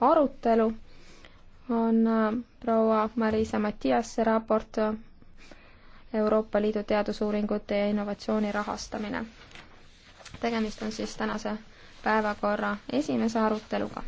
arutelu on äh, proua Marisa Matiasse raport äh, Euroopa Liidu teadusuuringute ja innovatsiooni rahastamine. tegemist on siis tänase päevakorra esimese aruteluga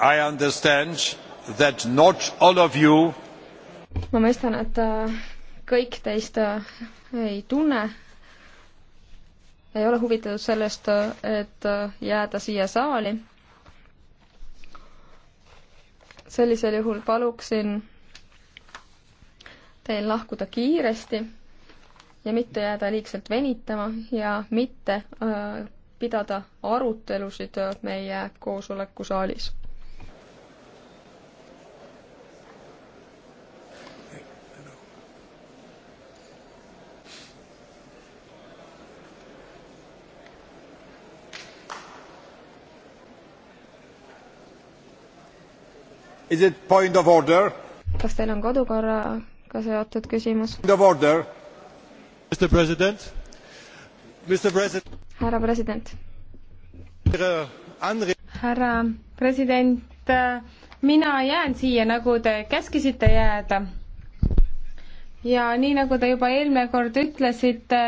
I understand that not all of you ma mõistan, et äh, kõik teist äh, ei tunne, ei ole huvitatud sellest, äh, et jääda siia saali. sellisel juhul paluksin teil lahkuda kiiresti ja mitte jääda liigselt venitama ja mitte äh, pidada arutelusid meie koosolekusaalis kas teil on kodukorraga seotud küsimus? härra president. härra president, mina jään siia, nagu te käskisite jääda. ja nii, nagu te juba eelmine kord ütlesite,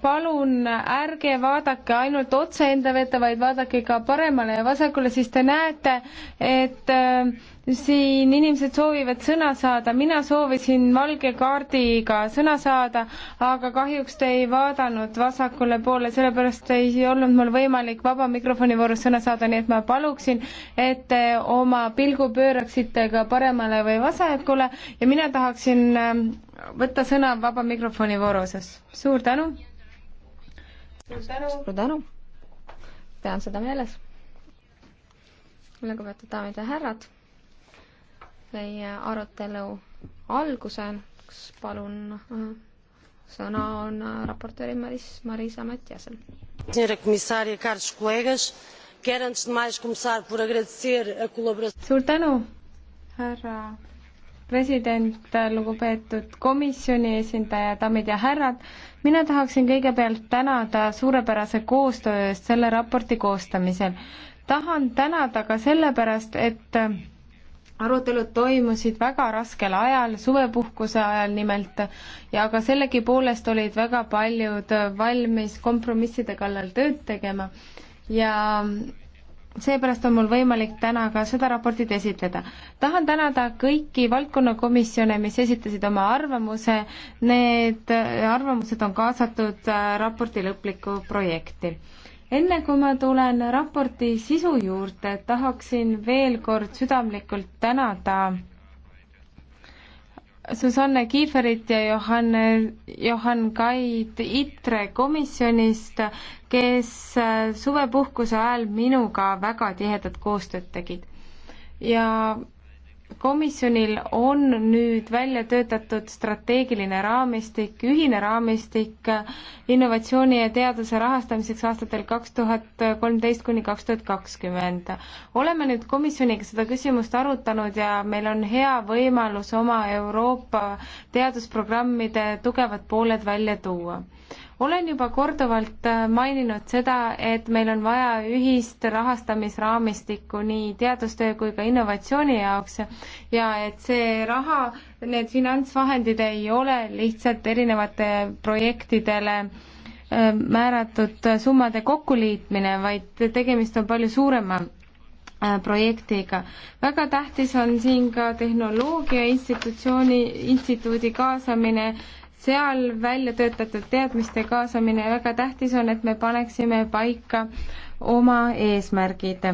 palun ärge vaadake ainult otse enda vette, vaid vaadake ka paremale ja vasakule, siis te näete, et äh, siin inimesed soovivad sõna saada, mina soovisin valge kaardiga sõna saada, aga kahjuks te ei vaadanud vasakule poole, sellepärast ei olnud mul võimalik vaba mikrofoni voorus sõna saada, nii et ma paluksin, et te oma pilgu pööraksite ka paremale või vasakule ja mina tahaksin ähm, võtta sõna vaba mikrofoni vooru osas. suur tänu! suur tänu! pean seda meeles. lugupeetud daamid ja härrad meie arutelu alguseks palun äh, sõna on äh, raportööri Maris, Marisa Matiasel. suur tänu, härra president, lugupeetud komisjoni esindaja, daamid ja härrad. mina tahaksin kõigepealt tänada suurepärase koostöö eest selle raporti koostamisel. tahan tänada ka sellepärast, et arutelud toimusid väga raskel ajal, suvepuhkuse ajal nimelt, ja ka sellegipoolest olid väga paljud valmis kompromisside kallal tööd tegema ja seepärast on mul võimalik täna ka seda raportit esitleda. tahan tänada kõiki valdkonnakomisjone, mis esitasid oma arvamuse, need arvamused on kaasatud raporti lõplikku projekti enne kui ma tulen raporti sisu juurde, tahaksin veel kord südamlikult tänada Susanne Kiiferit ja Johanne, Johan Kaid ITRE komisjonist, kes suvepuhkuse ajal minuga väga tihedat koostööd tegid. ja komisjonil on nüüd välja töötatud strateegiline raamistik, ühine raamistik innovatsiooni ja teaduse rahastamiseks aastatel kaks tuhat kolmteist kuni kaks tuhat kakskümmend. oleme nüüd komisjoniga seda küsimust arutanud ja meil on hea võimalus oma Euroopa teadusprogrammide tugevad pooled välja tuua olen juba korduvalt äh, maininud seda, et meil on vaja ühist rahastamisraamistikku nii teadustöö kui ka innovatsiooni jaoks ja et see raha, need finantsvahendid ei ole lihtsalt erinevate projektidele äh, määratud summade kokkuliitmine, vaid tegemist on palju suurema äh, projektiga. väga tähtis on siin ka tehnoloogia institutsiooni, instituudi kaasamine seal välja töötatud teadmiste kaasamine väga tähtis on, et me paneksime paika oma eesmärgid.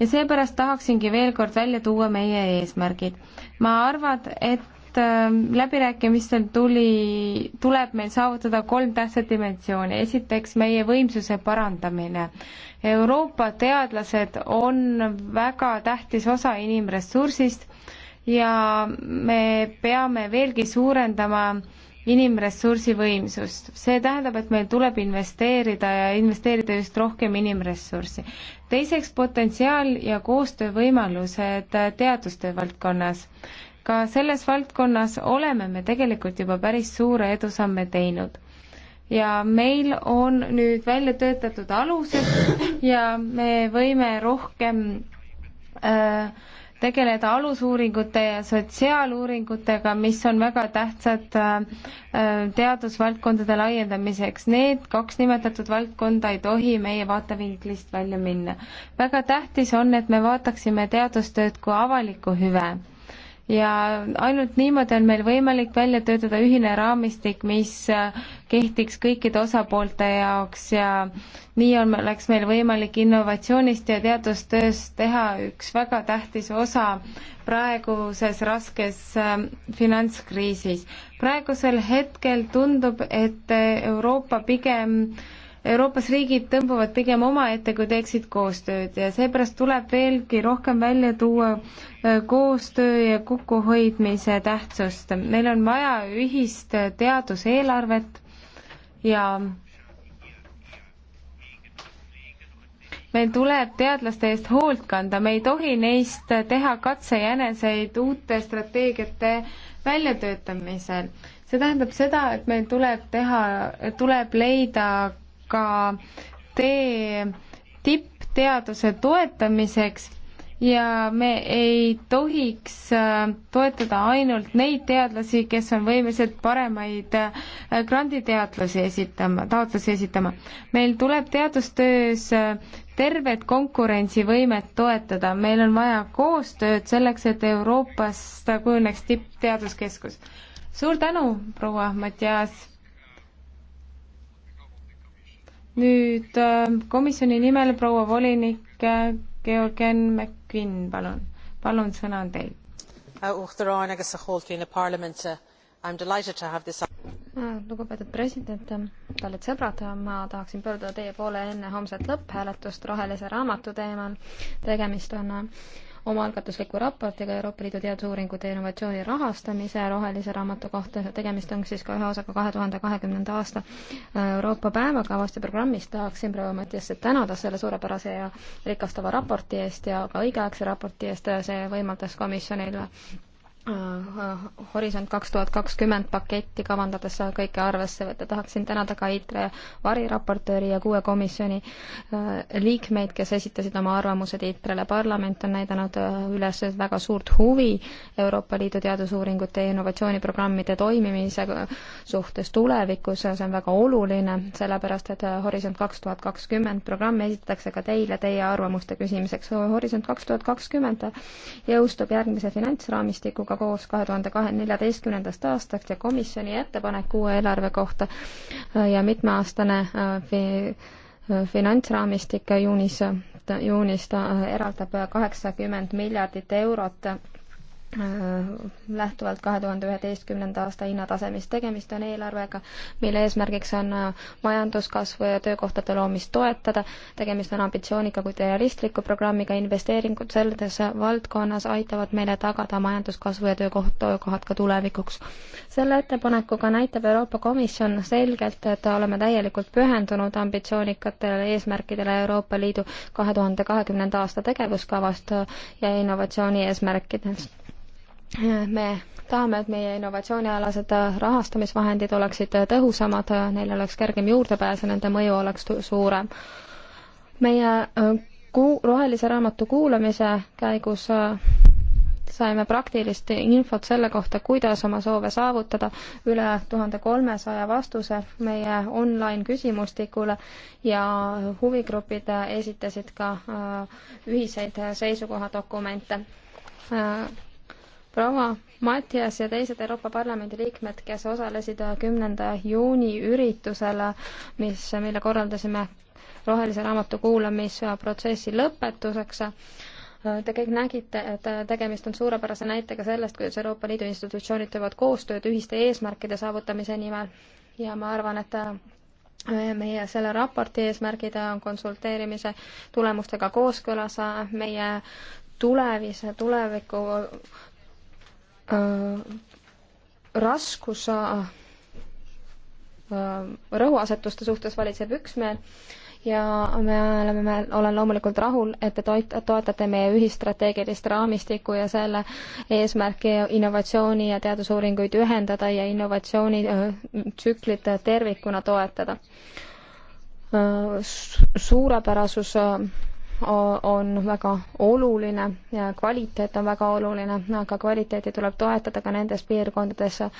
ja seepärast tahaksingi veel kord välja tuua meie eesmärgid. ma arvan, et ähm, läbirääkimistel tuli, tuleb meil saavutada kolm tähtsat dimensiooni. esiteks meie võimsuse parandamine. Euroopa teadlased on väga tähtis osa inimressursist ja me peame veelgi suurendama äh, inimressursi võimsust. see tähendab, et meil tuleb investeerida ja investeerida just rohkem inimressurssi. teiseks, potentsiaal ja koostöövõimalused teadustöö valdkonnas. ka selles valdkonnas oleme me tegelikult juba päris suure edusamme teinud. ja meil on nüüd välja töötatud alused ja me võime rohkem äh, tegeleda alusuuringute ja sotsiaaluuringutega, mis on väga tähtsad äh, äh, teadusvaldkondade laiendamiseks. Need kaks nimetatud valdkonda ei tohi meie vaatevinklist välja minna. väga tähtis on, et me vaataksime teadustööd kui avalikku hüve ja ainult niimoodi on meil võimalik välja töötada ühine raamistik, mis äh, kehtiks kõikide osapoolte jaoks ja nii on, oleks meil võimalik innovatsioonist ja teadustööst teha üks väga tähtis osa praeguses raskes äh, finantskriisis. praegusel hetkel tundub, et Euroopa pigem äh, Euroopas riigid tõmbuvad pigem omaette, kui teeksid koostööd ja seepärast tuleb veelgi rohkem välja tuua äh, koostöö ja kokkuhoidmise tähtsust. meil on vaja ühist äh, teaduseelarvet ja meil tuleb teadlaste eest hoolt kanda, me ei tohi neist äh, teha katsejäneseid uute strateegiate väljatöötamisel. see tähendab seda, et meil tuleb teha, tuleb leida ka tee tippteaduse toetamiseks ja me ei tohiks äh, toetada ainult neid teadlasi, kes on võimelised paremaid äh, granditeadlasi esitama, taotlusi esitama. meil tuleb teadustöös äh, tervet konkurentsivõimet toetada, meil on vaja koostööd selleks, et Euroopast kujuneks tippteaduskeskus. suur tänu, proua Mattias nüüd ähm, komisjoni nimel proua volinik äh, Georgen McQueen, palun, palun, sõna on teil. Eh. Ah, lugupeetud president, ähm, kallid sõbrad, äh, ma tahaksin pöörduda teie poole enne homset lõpphääletust rohelise raamatu teemal. tegemist on äh, omaalgatusliku raportiga Euroopa Liidu teadusuuringute ja innovatsiooni rahastamise rohelise raamatu kohta. tegemist on siis ka ühe osaga kahe tuhande kahekümnenda aasta äh, Euroopa päevakavast ja programmist. tahaksin proua Mattiasse tänada selle suurepärase ja rikastava raporti eest ja ka õigeaegse raporti eest. see võimaldas komisjonil Äh, Horisont kaks tuhat kakskümmend paketti kavandades kõike arvesse võtta. tahaksin tänada ka ITRE variraportööri ja kuue komisjoni äh, liikmeid, kes esitasid oma arvamused ITRE-le. parlament on näidanud äh, üles väga suurt huvi Euroopa Liidu teadusuuringute ja innovatsiooniprogrammide toimimise suhtes tulevikus. see on väga oluline, sellepärast et Horisont kaks tuhat kakskümmend programm esitatakse ka teile teie arvamuste küsimiseks. Horisont kaks tuhat kakskümmend jõustub järgmise finantsraamistikuga ettepanekuga koos kahe tuhande kahe, neljateistkümnendast aastast ja komisjoni ettepaneku uue eelarve kohta äh, ja mitmeaastane äh, äh, finantsraamistik juunis, juunis ta eraldab kaheksakümmend miljardit eurot Äh, lähtuvalt kahe tuhande üheteistkümnenda aasta hinnatasemest. tegemist on eelarvega, mille eesmärgiks on äh, majanduskasvu ja töökohtade loomist toetada. tegemist on ambitsioonika, kuid realistliku programmiga. investeeringud selles valdkonnas aitavad meile tagada majanduskasvu ja töökoht, töökohad ka tulevikuks. selle ettepanekuga näitab Euroopa Komisjon selgelt, et oleme täielikult pühendunud ambitsioonikatele eesmärkidele Euroopa Liidu kahe tuhande kahekümnenda aasta tegevuskavast ja innovatsiooni eesmärkidest me tahame, et meie innovatsioonialased rahastamisvahendid oleksid tõhusamad, neil oleks kergem juurdepääs ja nende mõju oleks suurem. meie äh, kuu-, rohelise raamatu kuulamise käigus äh, saime praktilist infot selle kohta, kuidas oma soove saavutada, üle tuhande kolmesaja vastuse meie online küsimustikule ja huvigrupid esitasid ka äh, ühiseid seisukohadokumente proua Mattias ja teised Euroopa Parlamendi liikmed, kes osalesid äh, kümnenda juuni üritusel, äh, mis, mille korraldasime rohelise raamatu kuulamisprotsessi lõpetuseks. Äh, te kõik nägite, et tegemist on suurepärase näitega sellest, kuidas Euroopa Liidu institutsioonid teevad koostööd ühiste eesmärkide saavutamise nimel ja ma arvan, et meie selle raporti eesmärgid on konsulteerimise tulemustega kooskõlas, meie tulevis, tuleviku raskus rõhuasetuste suhtes valitseb üksmeel ja me oleme, me olen loomulikult rahul, et te toit-, toetate meie ühistrateegilist raamistikku ja selle eesmärki innovatsiooni ja teadusuuringuid ühendada ja innovatsioonitsüklit tervikuna toetada. Suurepärasus on väga oluline ja kvaliteet on väga oluline, aga kvaliteeti tuleb toetada ka nendes piirkondades äh,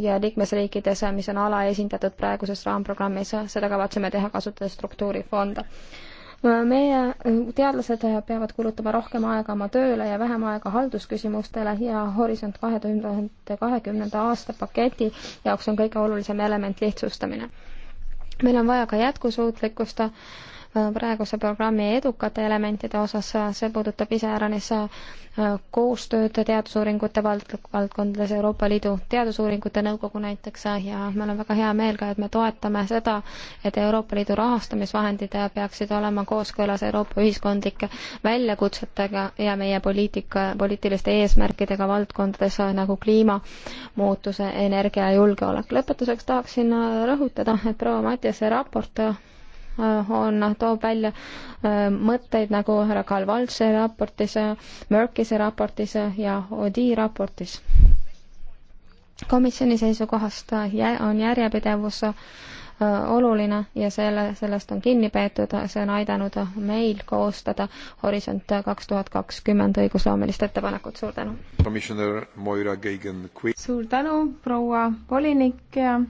ja liikmesriikides, mis on alaesindatud praeguses raamprogrammis, seda kavatseme teha, kasutades struktuurifonde äh, meie äh, teadlased peavad kulutama rohkem aega oma tööle ja vähem aega haldusküsimustele ja Horisont kahe tuhande kahekümnenda aasta paketi jaoks on kõige olulisem element lihtsustamine. meil on vaja ka jätkusuutlikkust Äh, praeguse programmi edukate elementide osas, äh, see puudutab iseäranis äh, koostööd teadusuuringute vald-, valdkondades Euroopa Liidu Teadusuuringute Nõukogu näiteks ja meil on väga hea meel ka, et me toetame seda, et Euroopa Liidu rahastamisvahendid peaksid olema kooskõlas Euroopa ühiskondlike väljakutsetega ja meie poliitika, poliitiliste eesmärkidega valdkondades nagu kliimamuutuse, energia ja julgeolek. lõpetuseks tahaksin rõhutada, et proua Mattiase raport on, toob välja äh, mõtteid nagu härra Kalvaltse raportis, Merkise raportis ja Odi raportis. komisjoni seisukohast on järjepidevus äh, oluline ja selle, sellest on kinni peetud, see on aidanud meil koostada Horisont kaks tuhat kakskümmend õigusloomelist ettepanekut, suur tänu! suur tänu, proua volinik ja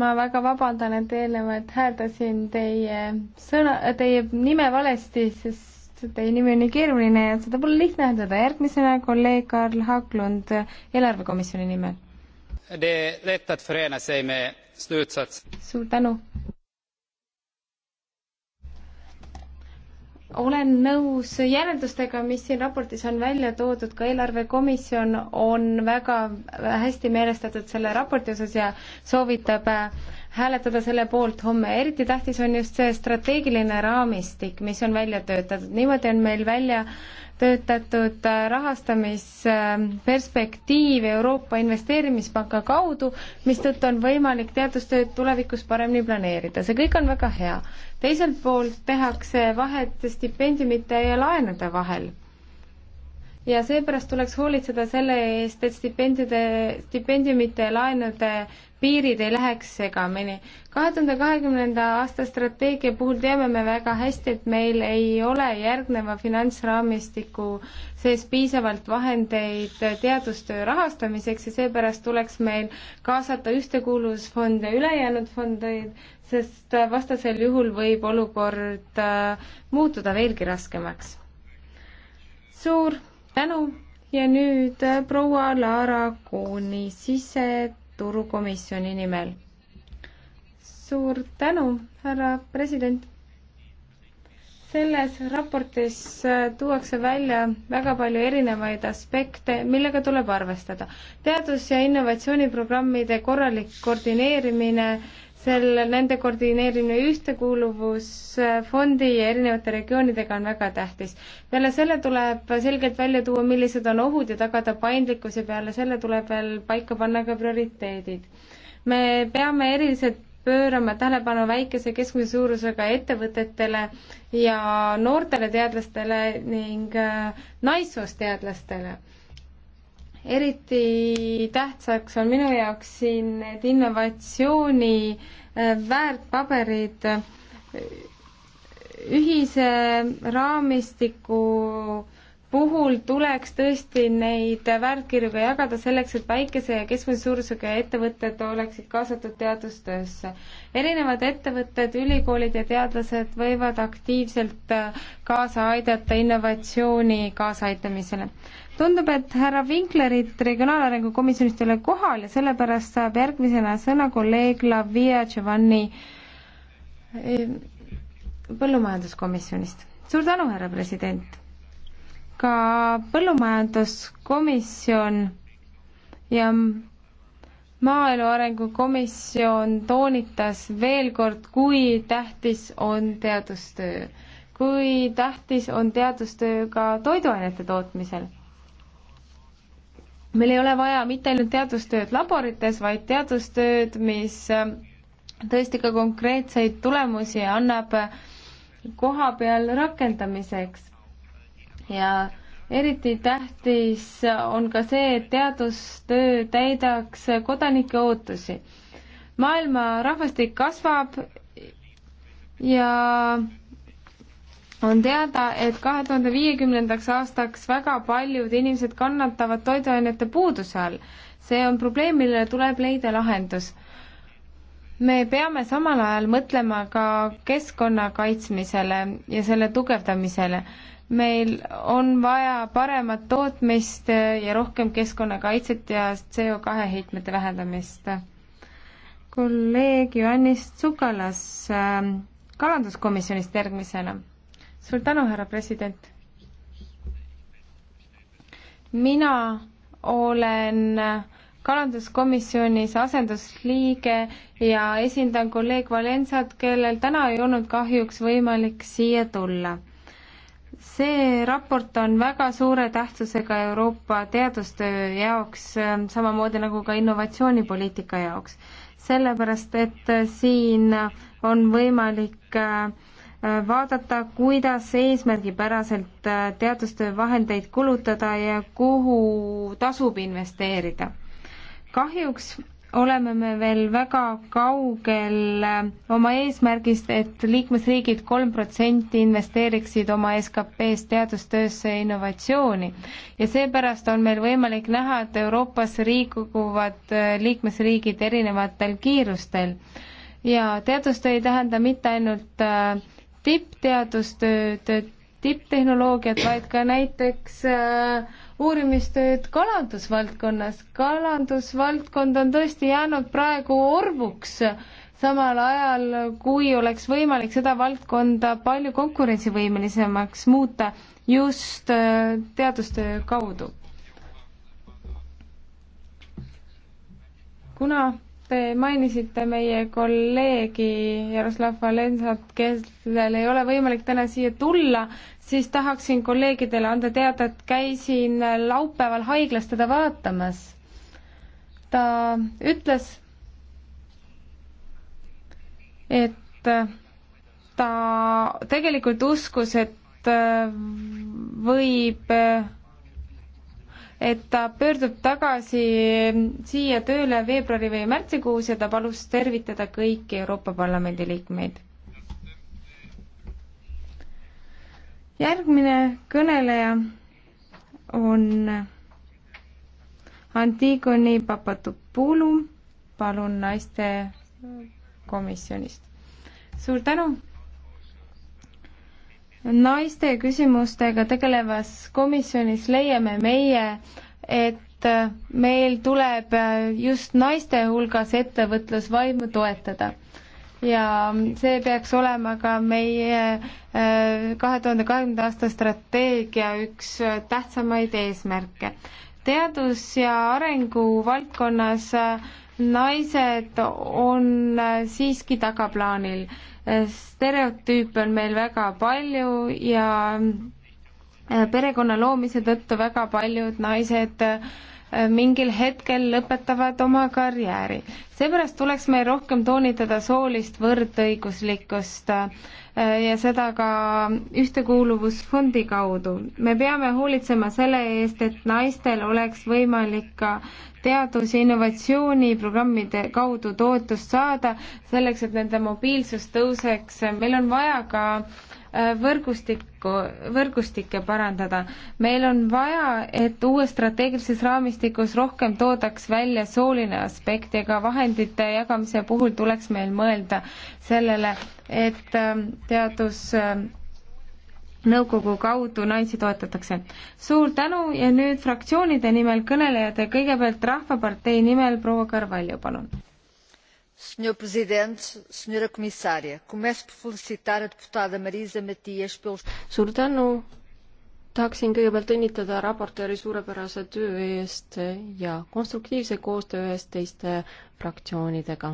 ma väga vabandan, et eelnevalt hääldasin teie sõna, teie nime valesti, sest teie nimi on nii keeruline ja seda pole lihtne hääldada. järgmisena kolleeg Karl Haaklund eelarvekomisjoni nimel. suur tänu olen nõus järeldustega, mis siin raportis on välja toodud, ka eelarvekomisjon on väga hästi meelestatud selle raporti osas ja soovitab äh, hääletada selle poolt homme. eriti tähtis on just see strateegiline raamistik, mis on välja töötatud. niimoodi on meil välja töötatud äh, rahastamisperspektiiv Euroopa Investeerimispanga kaudu, mistõttu on võimalik teadustööd tulevikus paremini planeerida, see kõik on väga hea. teiselt poolt tehakse vahet stipendiumite ja laenude vahel. ja seepärast tuleks hoolitseda selle eest, et stipendide, stipendiumite ja laenude piirid ei läheks segamini. kahe tuhande kahekümnenda aasta strateegia puhul teame me väga hästi, et meil ei ole järgneva finantsraamistiku sees piisavalt vahendeid teadustöö rahastamiseks ja seepärast tuleks meil kaasata ühtekuuluvusfond ja ülejäänud fondeid, sest vastasel juhul võib olukord äh, muutuda veelgi raskemaks. suur tänu ja nüüd äh, proua Laara Kooni sised turukomisjoni nimel. suur tänu, härra president! selles raportis äh, tuuakse välja väga palju erinevaid aspekte, millega tuleb arvestada. teadus- ja innovatsiooniprogrammide korralik koordineerimine selle, nende koordineerimine ühtekuuluvusfondi ja erinevate regioonidega on väga tähtis. peale selle tuleb selgelt välja tuua, millised on ohud ja tagada paindlikkus ja peale selle tuleb veel paika panna ka prioriteedid. me peame eriliselt pöörama tähelepanu väikese keskmise suurusega ettevõtetele ja noortele teadlastele ning naissuusteadlastele äh, eriti tähtsaks on minu jaoks siin need innovatsiooni äh, väärtpaberid ühise raamistiku puhul tuleks tõesti neid väärtkirju ka jagada selleks, et väikese ja keskmise suurusega ettevõtted oleksid kaasatud teadustöösse. erinevad ettevõtted, ülikoolid ja teadlased võivad aktiivselt äh, kaasa aidata innovatsiooni kaasaaitamisele tundub, et härra Vinklerit Regionaalarengu komisjonist ei ole kohal ja sellepärast saab järgmisena sõna kolleeg Lavia Giovanni eh, põllumajanduskomisjonist. suur tänu, härra president! ka põllumajanduskomisjon ja maaelu arengukomisjon toonitas veel kord, kui tähtis on teadustöö, kui tähtis on teadustöö ka toiduainete tootmisel meil ei ole vaja mitte ainult teadustööd laborites, vaid teadustööd, mis äh, tõesti ka konkreetseid tulemusi annab koha peal rakendamiseks. ja eriti tähtis on ka see, et teadustöö täidaks kodanike ootusi. maailma rahvastik kasvab ja on teada, et kahe tuhande viiekümnendaks aastaks väga paljud inimesed kannatavad toiduainete puuduse all. see on probleem, millele tuleb leida lahendus. me peame samal ajal mõtlema ka keskkonna kaitsmisele ja selle tugevdamisele. meil on vaja paremat tootmist ja rohkem keskkonnakaitset ja CO kahe heitmete vähendamist. kolleeg Johannes Tsukalas ähm, kalanduskomisjonist järgmisena suur tänu, härra president. mina olen kalanduskomisjonis asendusliige ja esindan kolleeg Valensat, kellel täna ei olnud kahjuks võimalik siia tulla. see raport on väga suure tähtsusega Euroopa teadustöö jaoks, samamoodi nagu ka innovatsioonipoliitika jaoks, sellepärast et siin on võimalik äh, Äh, vaadata, kuidas eesmärgipäraselt äh, teadustöö vahendeid kulutada ja kuhu tasub investeerida. kahjuks oleme me veel väga kaugel äh, oma eesmärgist, et liikmesriigid kolm protsenti investeeriksid oma SKP-st teadustöösse ja innovatsiooni. ja seepärast on meil võimalik näha, et Euroopas liiguvad liikmesriigid erinevatel kiirustel. ja teadustöö ei tähenda mitte ainult äh, tippteadustööd, tipptehnoloogiat, vaid ka näiteks äh, uurimistööd kalandusvaldkonnas. kalandusvaldkond on tõesti jäänud praegu orvuks, samal ajal kui oleks võimalik seda valdkonda palju konkurentsivõimelisemaks muuta just äh, teadustöö kaudu. kuna Te mainisite meie kolleegi Jaroslav Valensat, kellel ei ole võimalik täna siia tulla, siis tahaksin kolleegidele anda teada, et käisin laupäeval haiglas teda vaatamas. ta ütles, et ta tegelikult uskus, et võib et ta pöördub tagasi siia tööle veebruari või märtsikuus ja ta palus tervitada kõiki Euroopa Parlamendi liikmeid. järgmine kõneleja on Antigoni Papatopoulou, palun naiste komisjonist. suur tänu! naiste küsimustega tegelevas komisjonis leiame meie, et meil tuleb just naiste hulgas ettevõtlusvaimu toetada ja see peaks olema ka meie äh, kahe tuhande kahekümnenda aasta strateegia üks äh, tähtsamaid eesmärke. teadus- ja arenguvaldkonnas äh, naised on siiski tagaplaanil stereotüüpe on meil väga palju ja äh, perekonna loomise tõttu väga paljud naised Äh, mingil hetkel lõpetavad oma karjääri. seepärast tuleks meil rohkem toonitada soolist võrdõiguslikkust äh, ja seda ka Ühtekuuluvusfondi kaudu. me peame hoolitsema selle eest, et naistel oleks võimalik ka teadus- ja innovatsiooniprogrammide kaudu toetust saada, selleks et nende mobiilsus tõuseks. meil on vaja ka äh, Äh, võrgustikku, võrgustikke parandada. meil on vaja, et uues strateegilises raamistikus rohkem toodaks välja sooline aspekt ja ka vahendite jagamise puhul tuleks meil mõelda sellele, et ähm, teadus ähm, nõukogu kaudu naisi toetatakse. suur tänu ja nüüd fraktsioonide nimel kõnelejad ja kõigepealt Rahvapartei nimel proua Carvalho, palun senhor presidente senhora comissária começo por felicitar a deputada marisa matias pelos suur tänu tahaksin kõigepealt õnnitleda raportööri suurepärase töö eest ja konstruktiivse koostöö eest teiste fraktsioonidega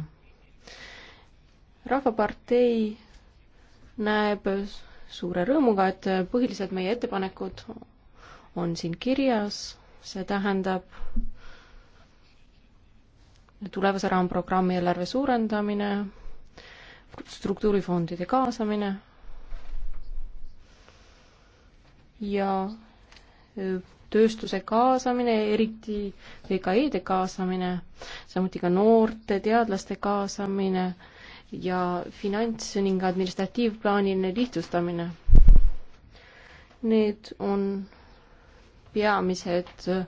rahvapartei näeb suure rõõmuga et põhilised meie ettepanekud on siin kirjas see tähendab tulevase raamprogrammi eelarve suurendamine, struktuurifondide kaasamine ja tööstuse kaasamine, eriti VKE-de kaasamine, samuti ka noorte teadlaste kaasamine ja finants ning administratiivplaaniline lihtsustamine. Need on peamised äh,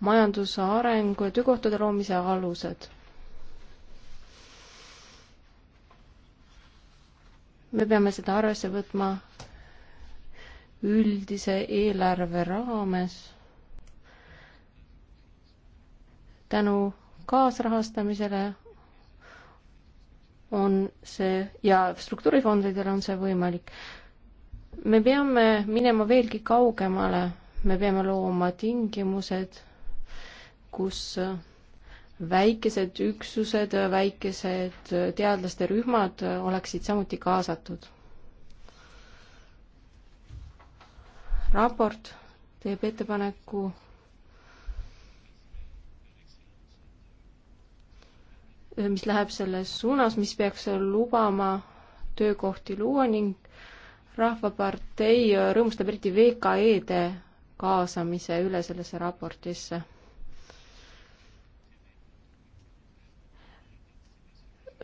majanduse arengu ja töökohtade loomise alused. me peame seda arvesse võtma üldise eelarve raames tänu kaasrahastamisele on see ja struktuurifondidel on see võimalik. me peame minema veelgi kaugemale, me peame looma tingimused, kus äh, väikesed üksused, äh, väikesed äh, teadlaste rühmad oleksid samuti kaasatud. raport teeb ettepaneku mis läheb selles suunas, mis peaks lubama töökohti luua ning Rahvapartei rõõmustab eriti VKE-de kaasamise üle sellesse raportisse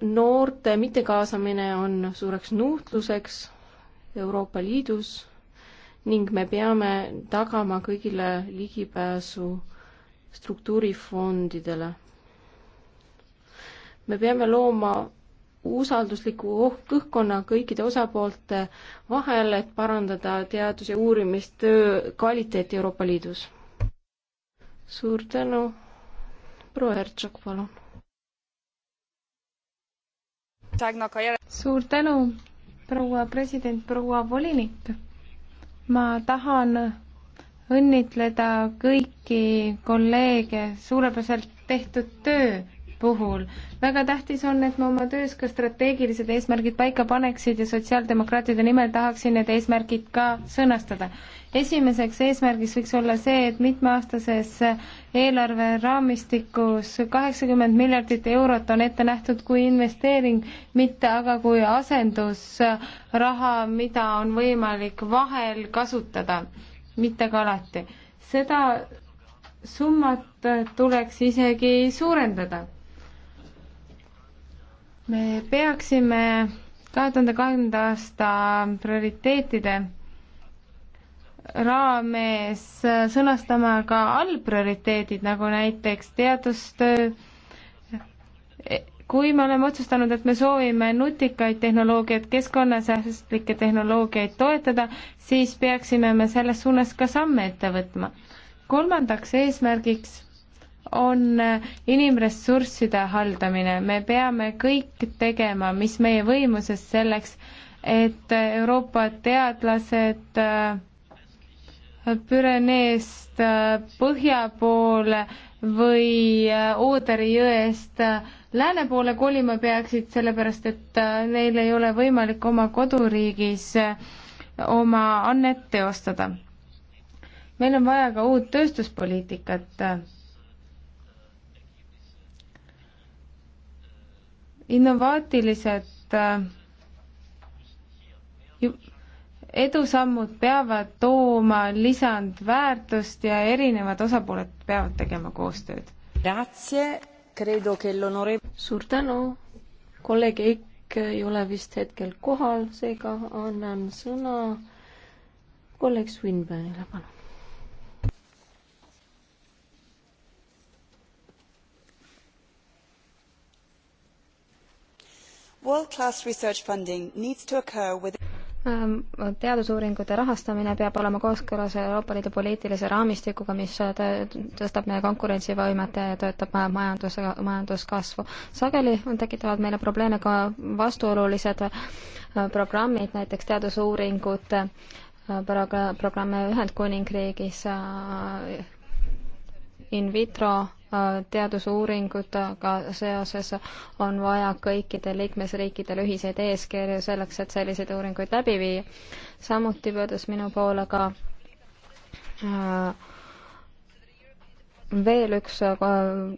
noorte mittekaasamine on suureks nuhtluseks Euroopa Liidus ning me peame tagama kõigile ligipääsu struktuurifondidele. me peame looma usaldusliku oh-, õhkkonna kõikide osapoolte vahel, et parandada teadus- ja uurimistöö kvaliteeti Euroopa Liidus. suur tänu, proua Hertšok, palun! suur tänu, proua president, proua volinik. ma tahan õnnitleda kõiki kolleege suurepäraselt tehtud töö puhul. väga tähtis on, et me oma töös ka strateegilised eesmärgid paika paneksid ja sotsiaaldemokraatide nimel tahaksin need eesmärgid ka sõnastada. esimeseks eesmärgiks võiks olla see, et mitmeaastases eelarveraamistikus kaheksakümmend miljardit eurot on ette nähtud kui investeering, mitte aga kui asendusraha, mida on võimalik vahel kasutada, mitte ka alati. seda summat tuleks isegi suurendada me peaksime kahe tuhande kahekümnenda aasta prioriteetide raames sõnastama ka allprioriteedid, nagu näiteks teadustöö. kui me oleme otsustanud, et me soovime nutikaid tehnoloogiaid, keskkonnasäästlikke tehnoloogiaid toetada, siis peaksime me selles suunas ka samme ette võtma. kolmandaks eesmärgiks on inimressursside haldamine, me peame kõik tegema, mis meie võimuses selleks, et Euroopa teadlased äh, Püreneest äh, põhja poole või äh, Ooderi jõest lääne poole kolima peaksid, sellepärast et neil ei ole võimalik oma koduriigis oma annet teostada. meil on vaja ka uut tööstuspoliitikat innovaatilised äh, edusammud peavad tooma lisandväärtust ja erinevad osapooled peavad tegema koostööd. suur tänu, kolleeg Eik ei ole vist hetkel kohal, seega annan sõna kolleeg Swinburne'ile, palun. World class research funding needs to occur with ähm, teadusuuringute rahastamine peab olema kooskõlas Euroopa Liidu poliitilise raamistikuga, mis äh, tõstab meie konkurentsivõimet ja töötab majandus, majanduskasvu. sageli tekitavad meile probleeme ka vastuolulised äh, programmid, näiteks teadusuuringute äh, programme Ühendkuningriigis in vitro Äh, teadusuuringutega seoses on vaja kõikidel liikmesriikidel ühiseid eeskirju selleks, et selliseid uuringuid läbi viia. samuti pöördus minu poole ka äh, veel üks äh,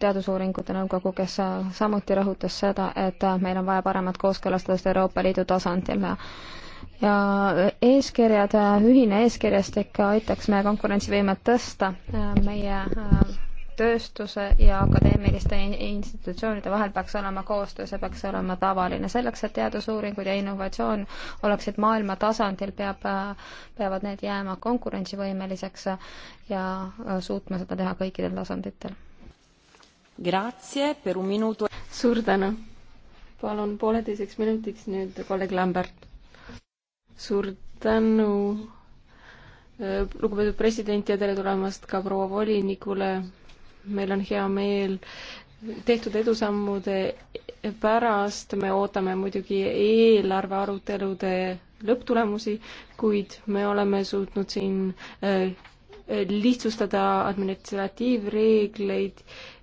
teadusuuringute nõukogu, kes samuti rõhutas seda, et meil on vaja paremat kooskõlastust Euroopa Liidu tasandil ja eeskirjad, ühine eeskirjastik aitaks meie konkurentsivõimet tõsta, meie tööstuse ja akadeemiliste institutsioonide vahel peaks olema koostöö, see peaks olema tavaline. selleks, et teadusuuringud ja innovatsioon oleksid maailma tasandil, peab, peavad need jääma konkurentsivõimeliseks ja suutma seda teha kõikidel tasanditel. suur tänu. palun pooleteiseks minutiks nüüd kolleeg Lambert. suur tänu äh, lugupeetud president ja tere tulemast ka proua volinikule meil on hea meel tehtud edusammude pärast, me ootame muidugi eelarve arutelude lõpptulemusi, kuid me oleme suutnud siin äh, lihtsustada administratiivreegleid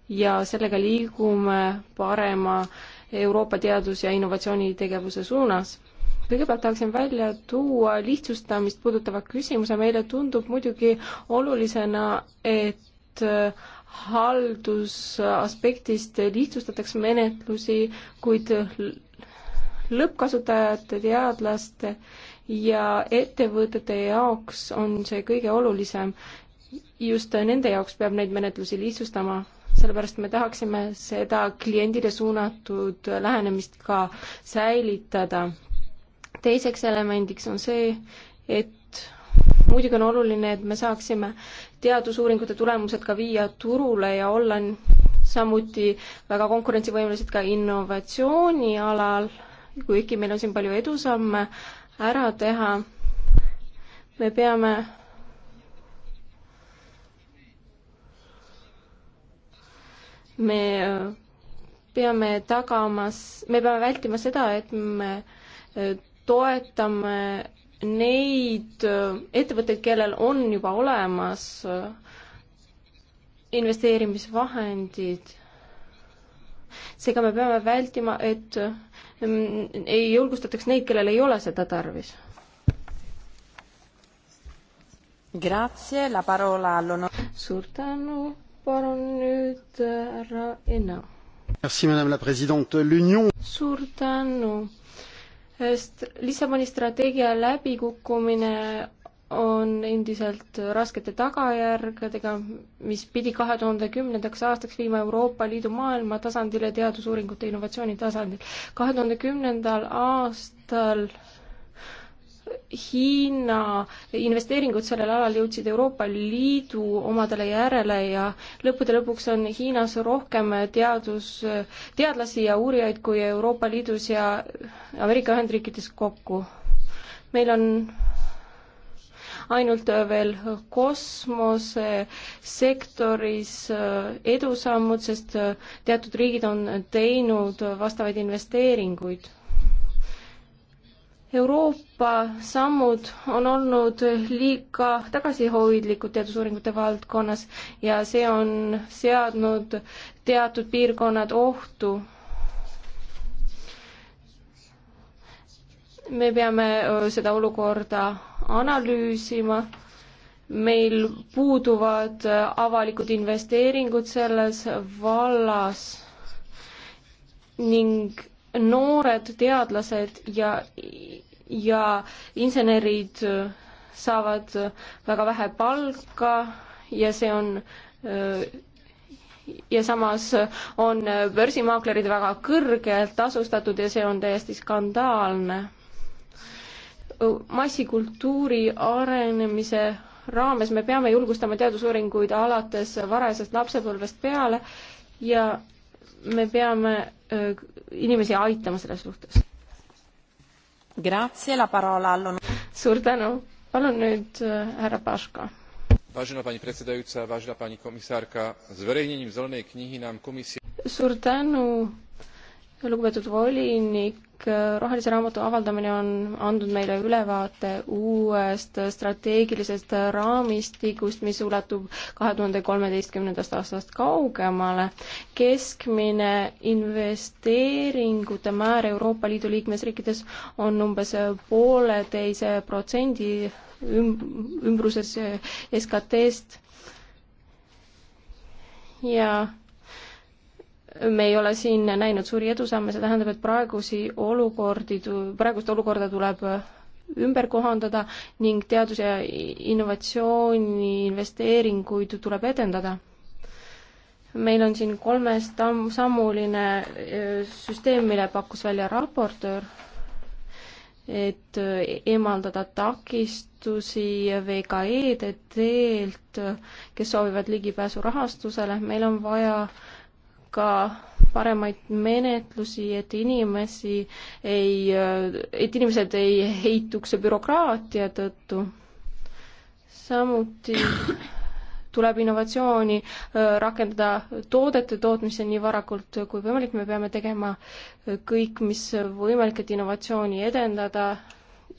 ja sellega liigume parema Euroopa teadus- ja innovatsioonitegevuse suunas kõigepealt tahaksin välja tuua lihtsustamist puudutava küsimuse, meile tundub muidugi olulisena, et äh, haldusaspektist lihtsustatakse menetlusi, kuid lõppkasutajate, teadlaste ja ettevõtete jaoks on see kõige olulisem. just nende jaoks peab neid menetlusi lihtsustama, sellepärast me tahaksime seda kliendile suunatud lähenemist ka säilitada. teiseks elemendiks on see, et muidugi on oluline, et me saaksime teadusuuringute tulemused ka viia turule ja olla samuti väga konkurentsivõimelised ka innovatsiooni alal, kuigi meil on siin palju edusamme ära teha. me peame me peame tagama, me peame vältima seda, et me toetame neid äh, ettevõtteid, kellel on juba olemas äh, investeerimisvahendid. seega me peame vältima, et äh, ei julgustataks neid, kellel ei ole seda tarvis. suur tänu, palun nüüd härra Enna. suur tänu sest Lissaboni strateegia läbikukkumine on endiselt raskete tagajärgedega, mis pidi kahe tuhande kümnendaks aastaks viima Euroopa Liidu maailma tasandile teadusuuringute innovatsiooni tasandil. kahe tuhande kümnendal aastal Hiina investeeringud sellel alal jõudsid Euroopa Liidu omadele järele ja lõppude lõpuks on Hiinas rohkem teadus, teadlasi ja uurijaid kui Euroopa Liidus ja Ameerika Ühendriikides kokku. meil on ainult veel kosmosesektoris äh, edusammud, sest äh, teatud riigid on teinud vastavaid investeeringuid Euroopa sammud on olnud liiga tagasihoidlikud teadusuuringute valdkonnas ja see on seadnud teatud piirkonnad ohtu me peame äh, seda olukorda analüüsima, meil puuduvad äh, avalikud investeeringud selles vallas ning noored teadlased ja ja insenerid äh, saavad äh, väga vähe palka ja see on äh, ja samas on börsimaaklerid väga kõrgelt tasustatud ja see on täiesti skandaalne. massikultuuri arenemise raames me peame julgustama teadusuuringuid alates varajasest lapsepõlvest peale ja me peame inimesi aitama selles suhtes suur tänu, palun nüüd äh, härra Paška. Vážená pani predsedajúca, vážená pani komisárka, zverejnením zelenej knihy nám komisia... Suur tänu, lugupeetud volinik, ning äh, Rohelise Raamatu avaldamine on andnud meile ülevaate uuest strateegilisest raamistikust, mis ulatub kahe tuhande kolmeteistkümnendast aastast kaugemale. keskmine investeeringute määr Euroopa Liidu liikmesriikides on umbes pooleteise protsendi ümbruses äh, SKT-st ja me ei ole siin näinud suuri edusamme, see tähendab, et praegusi olukordi, praegust olukorda tuleb ümber kohandada ning teadus- ja innovatsiooni investeeringuid tuleb edendada. meil on siin kolmesammuline e, süsteem, mille pakkus välja raportöör, et e, eemaldada takistusi VKE-de teelt, kes soovivad ligipääsu rahastusele, meil on vaja äh, ka paremaid menetlusi, et inimesi ei, et inimesed ei heituks bürokraatia tõttu. samuti tuleb innovatsiooni äh, rakendada toodete tootmisel nii varakult kui võimalik, me peame tegema äh, kõik, mis võimalik, et innovatsiooni edendada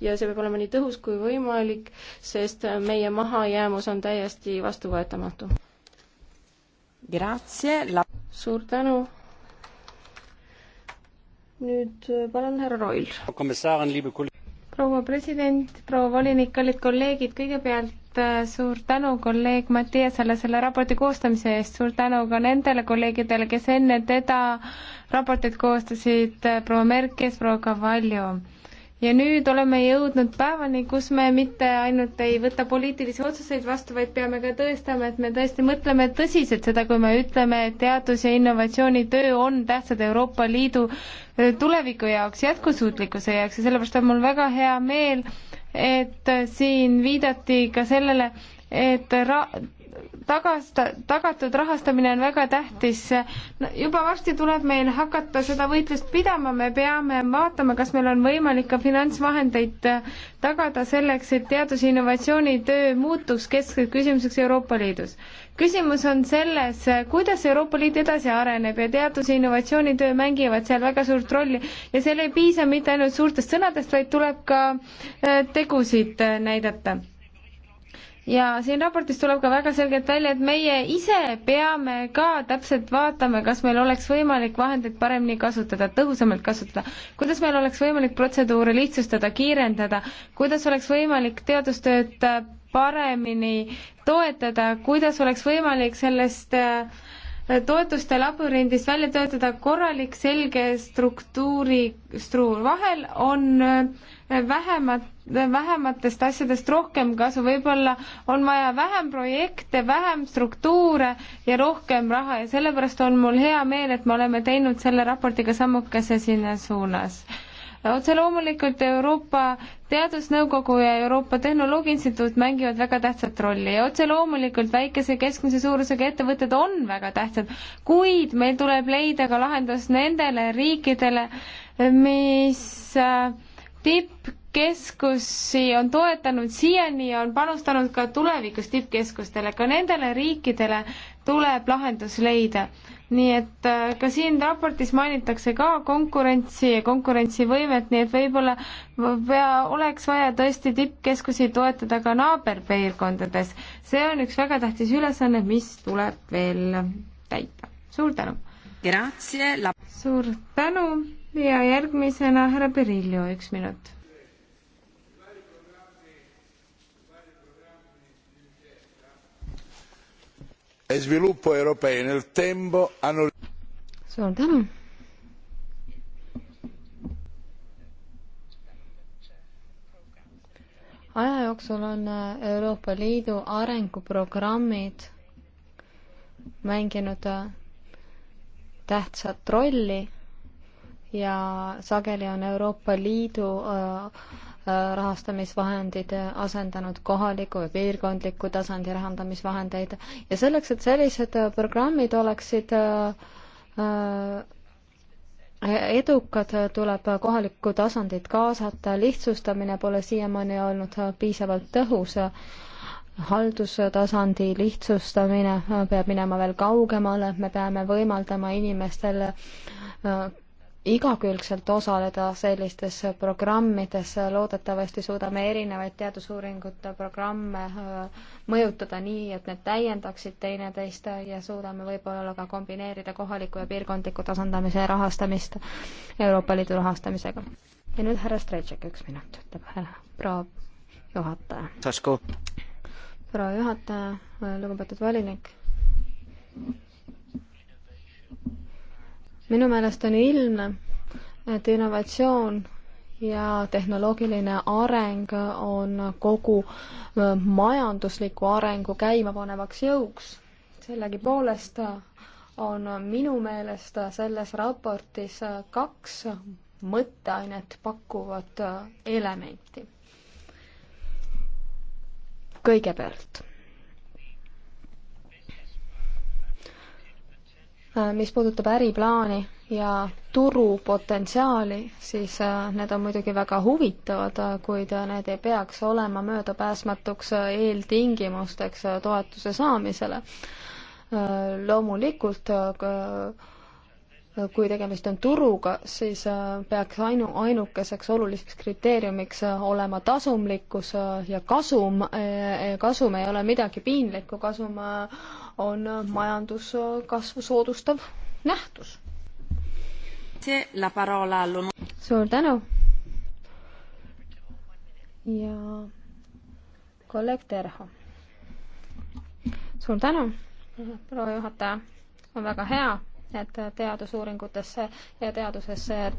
ja see peab olema nii tõhus kui võimalik, sest äh, meie mahajäämus on täiesti vastuvõetamatu La... suur tänu. nüüd äh, palun härra Roil. proua president, proua volinik, kallid kolleegid, kõigepealt äh, suur tänu kolleeg Mattiasele selle raporti koostamise eest, suur tänu ka nendele kolleegidele, kes enne teda raportit koostasid, äh, proua Merkes, proua Cavallo ja nüüd oleme jõudnud päevani, kus me mitte ainult ei võta poliitilisi otsuseid vastu, vaid peame ka tõestama, et me tõesti mõtleme tõsiselt seda, kui me ütleme, et teadus- ja innovatsioonitöö on tähtsad Euroopa Liidu tuleviku jaoks, jätkusuutlikkuse jaoks ja sellepärast on mul väga hea meel, et siin viidati ka sellele, et ra-, tagasta, tagatud rahastamine on väga tähtis. juba varsti tuleb meil hakata seda võitlust pidama, me peame vaatama, kas meil on võimalik ka finantsvahendeid äh, tagada selleks, et teadus- ja innovatsioonitöö muutuks keskseks küsimuseks Euroopa Liidus. küsimus on selles, äh, kuidas Euroopa Liit edasi areneb ja teadus- ja innovatsioonitöö mängivad seal väga suurt rolli ja seal ei piisa mitte ainult suurtest sõnadest, vaid tuleb ka äh, tegusid näidata ja siin raportis tuleb ka väga selgelt välja, et meie ise peame ka täpselt vaatama, kas meil oleks võimalik vahendeid paremini kasutada, tõhusamalt kasutada, kuidas meil oleks võimalik protseduure lihtsustada, kiirendada, kuidas oleks võimalik teadustööd äh, paremini toetada, kuidas oleks võimalik sellest äh, toetuste labürindist välja töötada korralik selge struktuuri, struktuur vahel on äh, vähemat, vähematest asjadest rohkem kasu, võib-olla on vaja vähem projekte, vähem struktuure ja rohkem raha ja sellepärast on mul hea meel, et me oleme teinud selle raportiga sammukese sinna suunas otse loomulikult Euroopa Teadusnõukogu ja Euroopa Tehnoloogiainstituut mängivad väga tähtsat rolli ja otse loomulikult väikese keskmise suurusega ettevõtted on väga tähtsad, kuid meil tuleb leida ka lahendus nendele riikidele, mis äh, tippkeskusi on toetanud siiani ja on panustanud ka tulevikus tippkeskustele, ka nendele riikidele tuleb lahendus leida. nii et äh, ka siin raportis mainitakse ka konkurentsi ja konkurentsivõimet, nii et võib-olla pea, oleks vaja tõesti tippkeskusi toetada ka naaberpiirkondades. see on üks väga tähtis ülesanne, mis tuleb veel täita. suur tänu! suur tänu! ja järgmisena härra Perillo, üks minut. E suur tänu. aja jooksul on äh, Euroopa Liidu arenguprogrammid mänginud äh, tähtsat rolli ja sageli on Euroopa Liidu äh, äh, rahastamisvahendid asendanud kohaliku ja piirkondliku tasandi rahandamisvahendeid ja selleks, et sellised programmid oleksid äh, edukad, tuleb kohalikku tasandit kaasata, lihtsustamine pole siiamaani olnud piisavalt tõhus, haldustasandi lihtsustamine peab minema veel kaugemale, me peame võimaldama inimestel igakülgselt osaleda sellistes programmides, loodetavasti suudame erinevaid teadusuuringute programme äh, mõjutada nii, et need täiendaksid teineteist ja suudame võib-olla ka kombineerida kohaliku ja piirkondliku tasandamise rahastamist Euroopa Liidu rahastamisega. ja nüüd härra Strejček, üks minut, ütleb proua juhataja. proua juhataja, lugupeetud volinik minu meelest on ilmne, et innovatsioon ja tehnoloogiline areng on kogu äh, majandusliku arengu käimapanevaks jõuks. sellegipoolest äh, on minu meelest äh, selles raportis kaks mõtteainet pakkuvat elementi. kõigepealt Äh, mis puudutab äriplaani ja turupotentsiaali, siis äh, need on muidugi väga huvitavad, äh, kuid need ei peaks olema möödapääsmatuks eeltingimusteks toetuse saamisele. loomulikult kui tegemist on turuga, siis äh, peaks ainu, ainukeseks oluliseks kriteeriumiks äh, olema tasumlikkus äh, ja kasum. kasum ei ole midagi piinlikku, kasum on majanduskasvu soodustav nähtus. suur tänu. ja kolleeg Terho. suur tänu, proua juhataja, on väga hea et teadusuuringutesse ja teadusesse äh,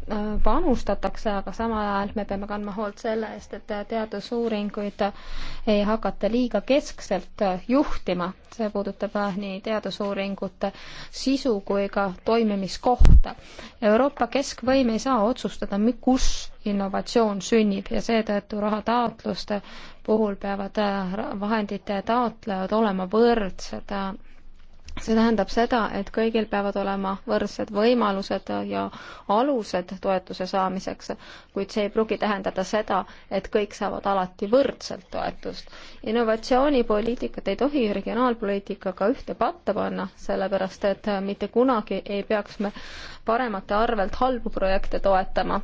panustatakse, aga samal ajal me peame kandma hoolt selle eest, et teadusuuringuid ei hakata liiga keskselt äh, juhtima. see puudutab äh, nii teadusuuringute sisu kui ka toimimiskohta. Euroopa keskvõim ei saa otsustada, kus innovatsioon sünnib ja seetõttu rahataotluste puhul peavad vahendite taotlejad olema võrdsed see tähendab seda, et kõigil peavad olema võrdsed võimalused ja alused toetuse saamiseks, kuid see ei pruugi tähendada seda, et kõik saavad alati võrdselt toetust. innovatsioonipoliitikat ei tohi regionaalpoliitikaga ühte patta panna, sellepärast et mitte kunagi ei peaks me paremate arvelt halbu projekte toetama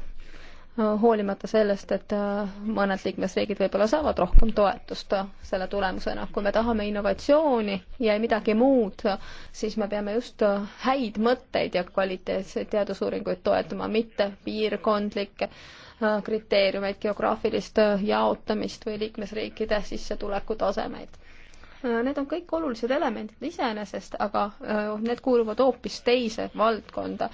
hoolimata sellest, et äh, mõned liikmesriigid võib-olla saavad rohkem toetust selle tulemusena. kui me tahame innovatsiooni ja midagi muud, siis me peame just äh, häid mõtteid ja kvaliteetseid teadusuuringuid toetama, mitte piirkondlikke äh, kriteeriumeid, geograafilist jaotamist või liikmesriikide sissetulekutasemeid. Äh, need on kõik olulised elemendid iseenesest, aga äh, need kuuluvad hoopis teise valdkonda.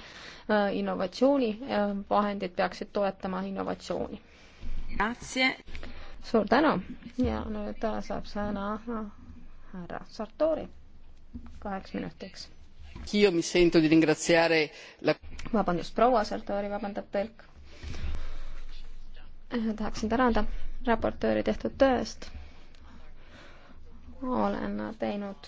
Äh, innovatsioonivahendid peaksid toetama innovatsiooni. suur tänu ja nüüd saab sõna härra Sartori kaheks minutiks. vabandust, proua Sartori, vabandab tõlk. tahaksin tänada raportööri tehtud töö eest olen teinud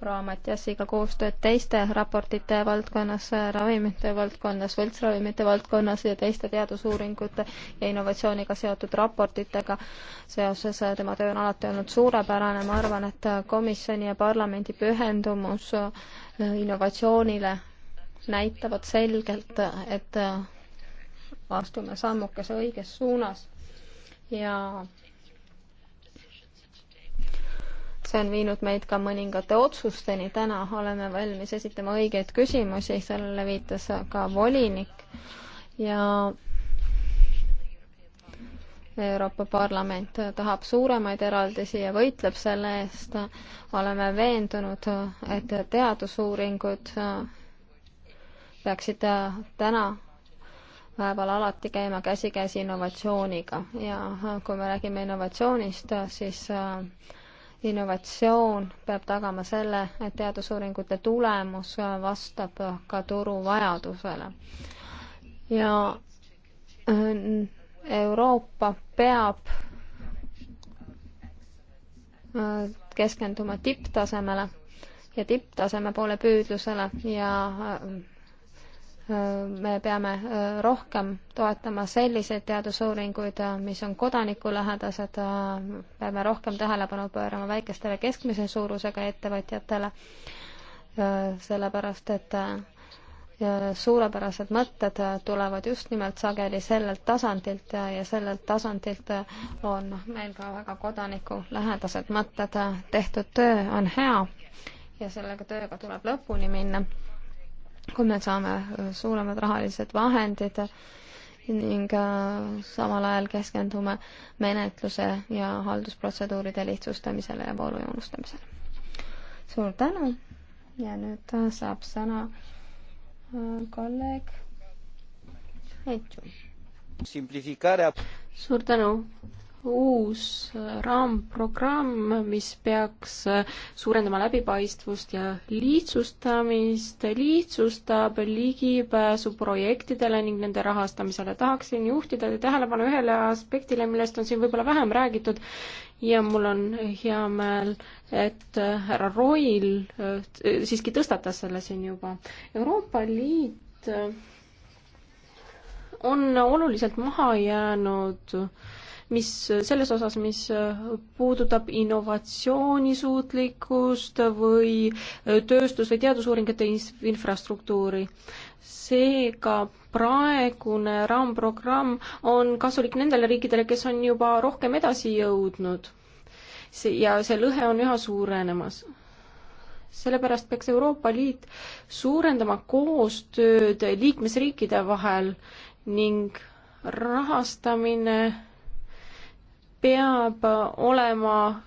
proua Mattiasiga koostööd teiste raportite valdkonnas, ravimite valdkonnas, võltsravimite valdkonnas ja teiste teadusuuringute ja innovatsiooniga seotud raportitega. seoses tema töö on alati olnud suurepärane, ma arvan, et komisjoni ja parlamendi pühendumus innovatsioonile näitavad selgelt, et astume sammukese õiges suunas ja see on viinud meid ka mõningate otsusteni, täna oleme valmis esitama õigeid küsimusi, sellele viitas ka volinik ja Euroopa Parlament tahab suuremaid eraldisi ja võitleb selle eest. oleme veendunud, et teadusuuringud peaksid täna päeval alati käima käsikäes innovatsiooniga ja kui me räägime innovatsioonist, siis äh, innovatsioon peab tagama selle, et teadusuuringute tulemus vastab ka turu vajadusele. ja äh, Euroopa peab äh, keskenduma tipptasemele ja tipptaseme poole püüdlusele ja äh, me peame äh, rohkem toetama selliseid teadusuuringuid, äh, mis on kodanikulähedased, äh, peame rohkem tähelepanu pöörama väikestele keskmise suurusega ettevõtjatele, sellepärast et suurepärased mõtted tulevad just nimelt sageli sellelt tasandilt ja, ja sellelt tasandilt on meil ka väga kodanikulähedased mõtted. tehtud töö on hea ja sellega tööga tuleb lõpuni minna kui me saame äh, suuremad rahalised vahendid ning äh, samal ajal keskendume menetluse ja haldusprotseduuride lihtsustamisele ja voolu joonustamisele. suur tänu ja nüüd äh, saab sõna kolleeg Heitšu. suur tänu uus äh, raamprogramm, mis peaks äh, suurendama läbipaistvust ja lihtsustamist, lihtsustab ligipääsu projektidele ning nende rahastamisele. tahaksin juhtida tähelepanu ühele aspektile, millest on siin võib-olla vähem räägitud ja mul on hea meel, et äh, härra Roil siiski tõstatas selle siin juba. Euroopa Liit on oluliselt maha jäänud äh, mis selles osas, mis puudutab innovatsioonisuutlikkust või tööstus- või teadusuuringute infrastruktuuri. seega praegune raamprogramm on kasulik nendele riikidele, kes on juba rohkem edasi jõudnud. see, ja see lõhe on üha suurenemas sellepärast peaks Euroopa Liit suurendama koostööd liikmesriikide vahel ning rahastamine peab olema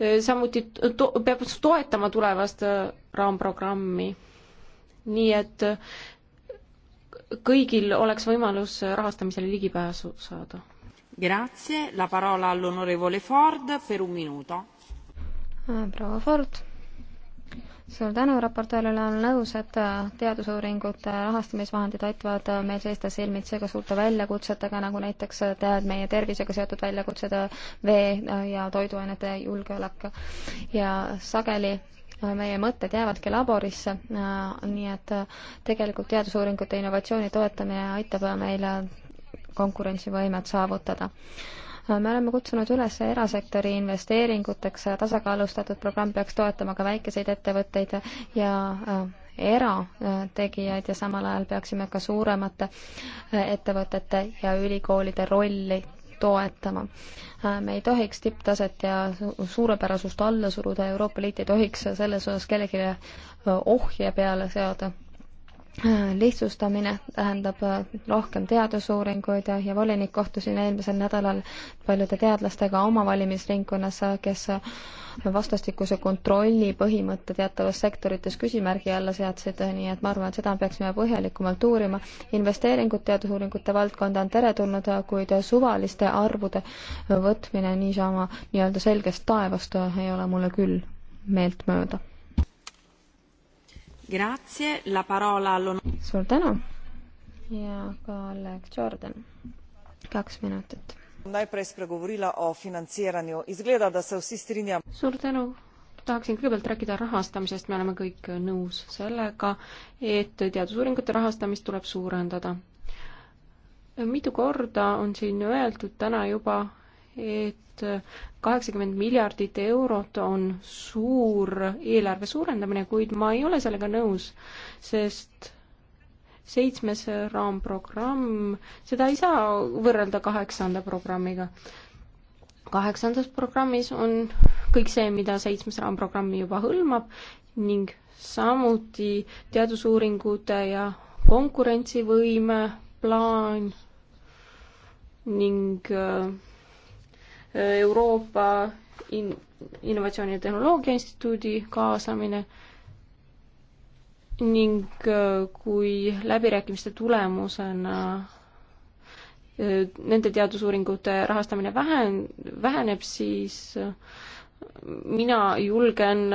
eh, samuti to-, peab toetama tulevast eh, raamprogrammi. nii et eh, kõigil oleks võimalus rahastamisele ligipääsu saada. Grazie, la parola all'onorevole Ford per un minuto. proua ah, Ford suur tänu raportöörile, olen nõus, et äh, teadusuuringute rahastamisvahendid aitavad äh, meil seista silmitsi ka suurte väljakutsetega, nagu näiteks äh, tead, meie tervisega seotud väljakutsed, vee ja toiduainete julgeolek. ja sageli meie mõtted jäävadki laborisse, nii et tegelikult teadusuuringute innovatsiooni toetamine aitab meil konkurentsivõimet saavutada me oleme kutsunud üles erasektori investeeringuteks, tasakaalustatud programm peaks toetama ka väikeseid ettevõtteid ja äh, erategijaid ja samal ajal peaksime ka suuremate äh, ettevõtete ja ülikoolide rolli toetama. Äh, me ei tohiks tipptaset ja suurepärasust alla suruda, Euroopa Liit ei tohiks selles osas kellelegi ohje peale seada lihtsustamine tähendab äh, rohkem teadusuuringuid ja, ja volinik kohtusin eelmisel nädalal paljude teadlastega oma valimisringkonnas, kes äh, vastastikuse kontrolli põhimõtte teatavas sektorites küsimärgi alla seadsid, nii et ma arvan, et seda peaksime põhjalikumalt uurima. investeeringud teadusuuringute valdkonda on teretulnud, kuid suvaliste arvude võtmine niisama nii-öelda selgest taevast ei ole mulle küll meeltmööda suur tänu ja ka Alek Jordan, kaks minutit. suur tänu tahaksin kõigepealt rääkida rahastamisest, me oleme kõik nõus sellega, et teadusuuringute rahastamist tuleb suurendada. mitu korda on siin öeldud täna juba, et kaheksakümmend miljardit eurot on suur eelarve suurendamine, kuid ma ei ole sellega nõus, sest seitsmes raamprogramm, seda ei saa võrrelda kaheksanda programmiga. kaheksandas programmis on kõik see, mida seitsmes raamprogramm juba hõlmab ning samuti teadusuuringute ja konkurentsivõime plaan ning äh, Euroopa in-, Innovatsiooni ja Tehnoloogia Instituudi kaasamine ning äh, kui läbirääkimiste tulemusena äh, nende teadusuuringute rahastamine vähen-, väheneb, siis äh, mina julgen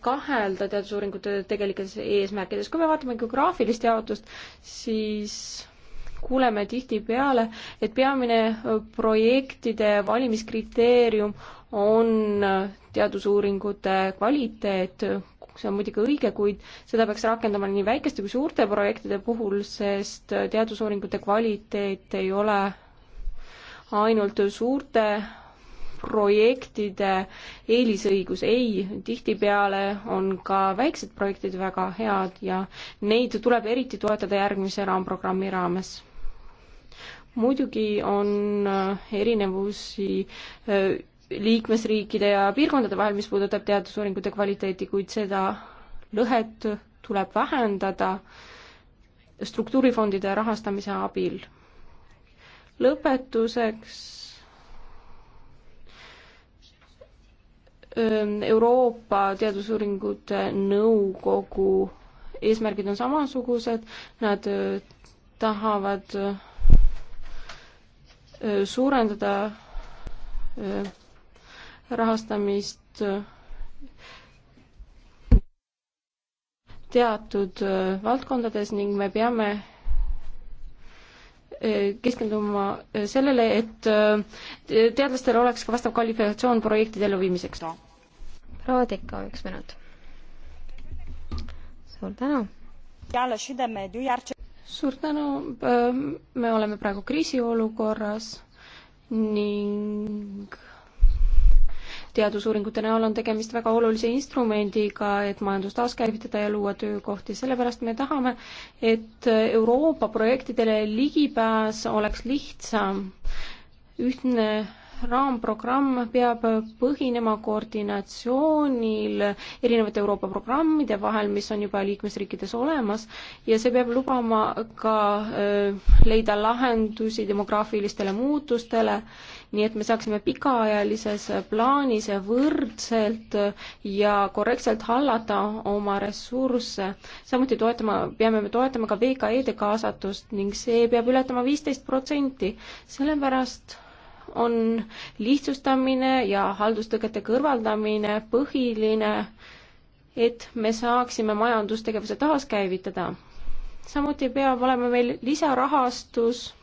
kahelda teadusuuringute tegelikes eesmärkides. kui me vaatame geograafilist jaotust, siis kuuleme tihtipeale, et peamine projektide valimiskriteerium on teadusuuringute kvaliteet, see on muidugi õige, kuid seda peaks rakendama nii väikeste kui suurte projektide puhul, sest teadusuuringute kvaliteet ei ole ainult suurte projektide eelisõigus, ei, tihtipeale on ka väiksed projektid väga head ja neid tuleb eriti toetada järgmise raamprogrammi raames muidugi on äh, erinevusi äh, liikmesriikide ja piirkondade vahel, mis puudutab teadusuuringute kvaliteeti, kuid seda lõhet tuleb vähendada struktuurifondide rahastamise abil. lõpetuseks ähm, Euroopa Teadusuuringute Nõukogu eesmärgid on samasugused, nad äh, tahavad Äh, suurendada äh, rahastamist äh, teatud valdkondades ning me peame keskenduma sellele, et teadlastel oleks ka vastav kvalifikatsioon projektide elluviimiseks no.. proua Tikka, üks minut. suur tänu suur tänu, me oleme praegu kriisiolukorras ning teadusuuringute näol on tegemist väga olulise instrumendiga, et majandust taaskäivitada ja luua töökohti, sellepärast me tahame, et Euroopa projektidele ligipääs oleks lihtsam. ühtne raamprogramm peab põhinema koordinatsioonil erinevate Euroopa programmide vahel, mis on juba liikmesriikides olemas ja see peab lubama ka äh, leida lahendusi demograafilistele muutustele, nii et me saaksime pikaajalises plaanis võrdselt ja korrektselt hallata oma ressursse. samuti toetama, peame me toetama ka VKE-de kaasatust ning see peab ületama viisteist protsenti, sellepärast on lihtsustamine ja haldustõkete kõrvaldamine põhiline, et me saaksime majandustegevuse taaskäivitada. samuti peab olema meil lisarahastus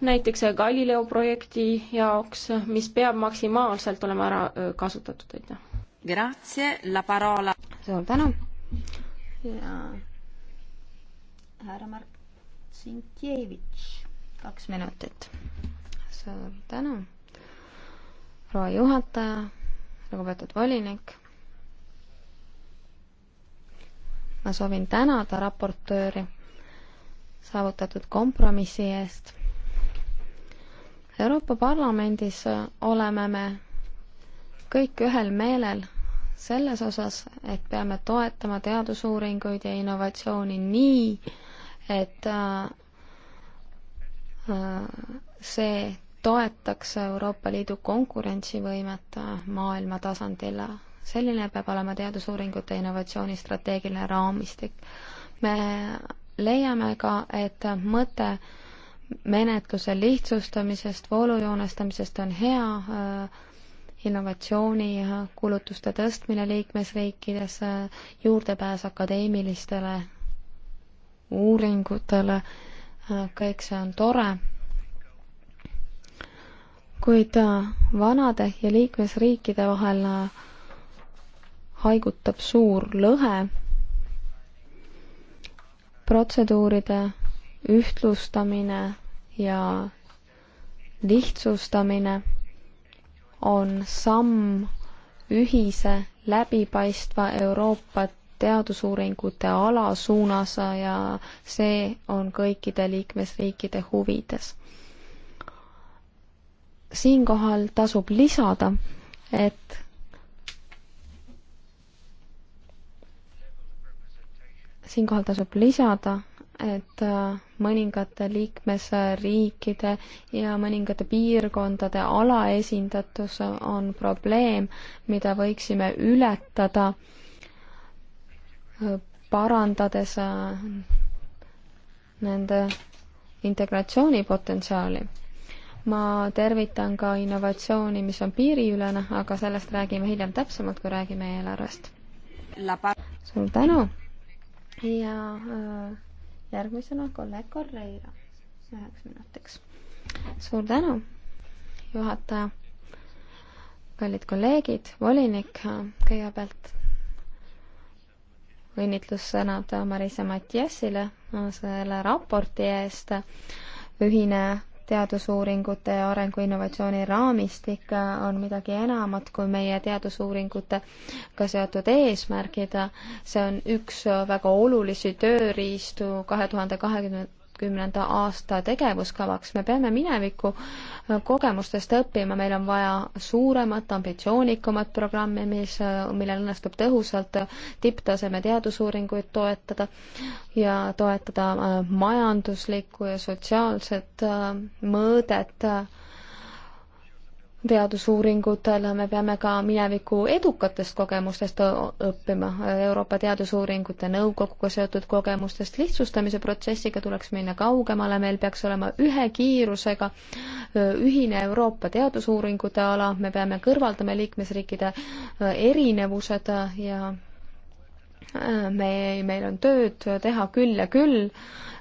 näiteks Galileo projekti jaoks, mis peab maksimaalselt olema ära kasutatud, aitäh. Grazie, la parola. suur tänu. ja härra Mark Sinkjevitš kaks minutit. suur tänu, proua juhataja, lugupeetud volinik. ma soovin tänada raportööri saavutatud kompromissi eest. Euroopa Parlamendis oleme me kõik ühel meelel selles osas, et peame toetama teadusuuringuid ja innovatsiooni nii, et äh, Äh, see toetaks Euroopa Liidu konkurentsivõimet äh, maailma tasandil. selline peab olema teadusuuringute ja innovatsiooni strateegiline raamistik. me leiame ka, et mõte menetluse lihtsustamisest, voolujoonestamisest on hea, äh, innovatsiooni kulutuste tõstmine liikmesriikides, juurdepääs akadeemilistele uuringutele kõik see on tore, kuid äh, vanade ja liikmesriikide vahel äh, haigutab suur lõhe protseduuride ühtlustamine ja lihtsustamine on samm ühise läbipaistva Euroopat teadusuuringute ala suunas ja see on kõikide liikmesriikide huvides. siinkohal tasub lisada, et siinkohal tasub lisada, et mõningate liikmesriikide ja mõningate piirkondade alaesindatus on probleem, mida võiksime ületada äh, parandades äh, nende integratsioonipotentsiaali. ma tervitan ka innovatsiooni, mis on piiriülene, aga sellest räägime hiljem täpsemalt, kui räägime eelarvest. suur tänu ja äh, järgmisena kolleeg Correira üheks minutiks. suur tänu, juhataja, kallid kolleegid, volinik, äh, kõigepealt õnnitlussõnad Marisa Matiasile selle raporti eest. ühine teadusuuringute ja arenguinnovatsiooni raamistik on midagi enamat kui meie teadusuuringutega seotud eesmärgid. see on üks väga olulisi tööriistu kahe tuhande kahekümne kümnenda aasta tegevuskavaks, me peame mineviku äh, kogemustest õppima, meil on vaja suuremat, ambitsioonikamat programmi, mis, äh, millel õnnestub tõhusalt äh, tipptaseme teadusuuringuid toetada ja toetada majanduslikku ja sotsiaalset mõõdet teadusuuringutele, me peame ka mineviku edukatest kogemustest õppima, Euroopa Teadusuuringute Nõukoguga seotud kogemustest, lihtsustamise protsessiga tuleks minna kaugemale, meil peaks olema ühe kiirusega ühine Euroopa teadusuuringute ala, me peame kõrvaldama liikmesriikide erinevused ja Äh, me, meil on tööd teha küll ja küll,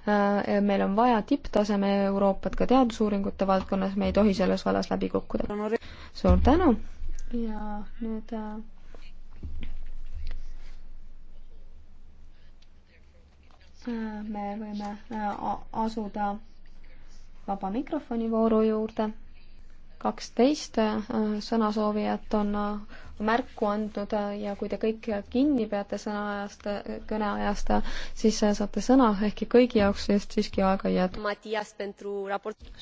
äh, meil on vaja tipptaseme Euroopat ka teadusuuringute valdkonnas, me ei tohi selles vallas läbi kukkuda. suur tänu ja nüüd äh, me võime asuda vaba mikrofoni vooru juurde kaksteist äh, sõnasoovijat on äh, märku andnud äh, ja kui te kõik kinni peate sõnaajast, kõneajast, siis saate sõna, ehkki kõigi jaoks vist siiski aega ei jätku.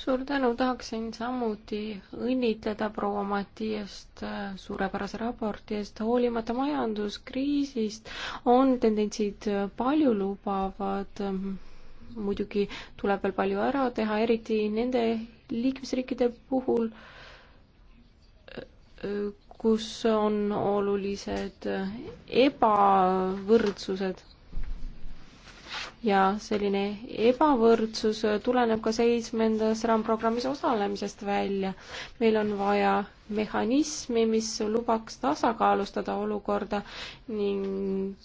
suur tänu, tahaksin samuti õnnitleda proua Matiast suurepärase raporti eest. hoolimata majanduskriisist on tendentsid paljulubavad muidugi tuleb veel palju ära teha, eriti nende liikmesriikide puhul, kus on olulised ebavõrdsused. ja selline ebavõrdsus tuleneb ka seitsmendas raamprogrammis osalemisest välja. meil on vaja mehhanismi, mis lubaks tasakaalustada olukorda ning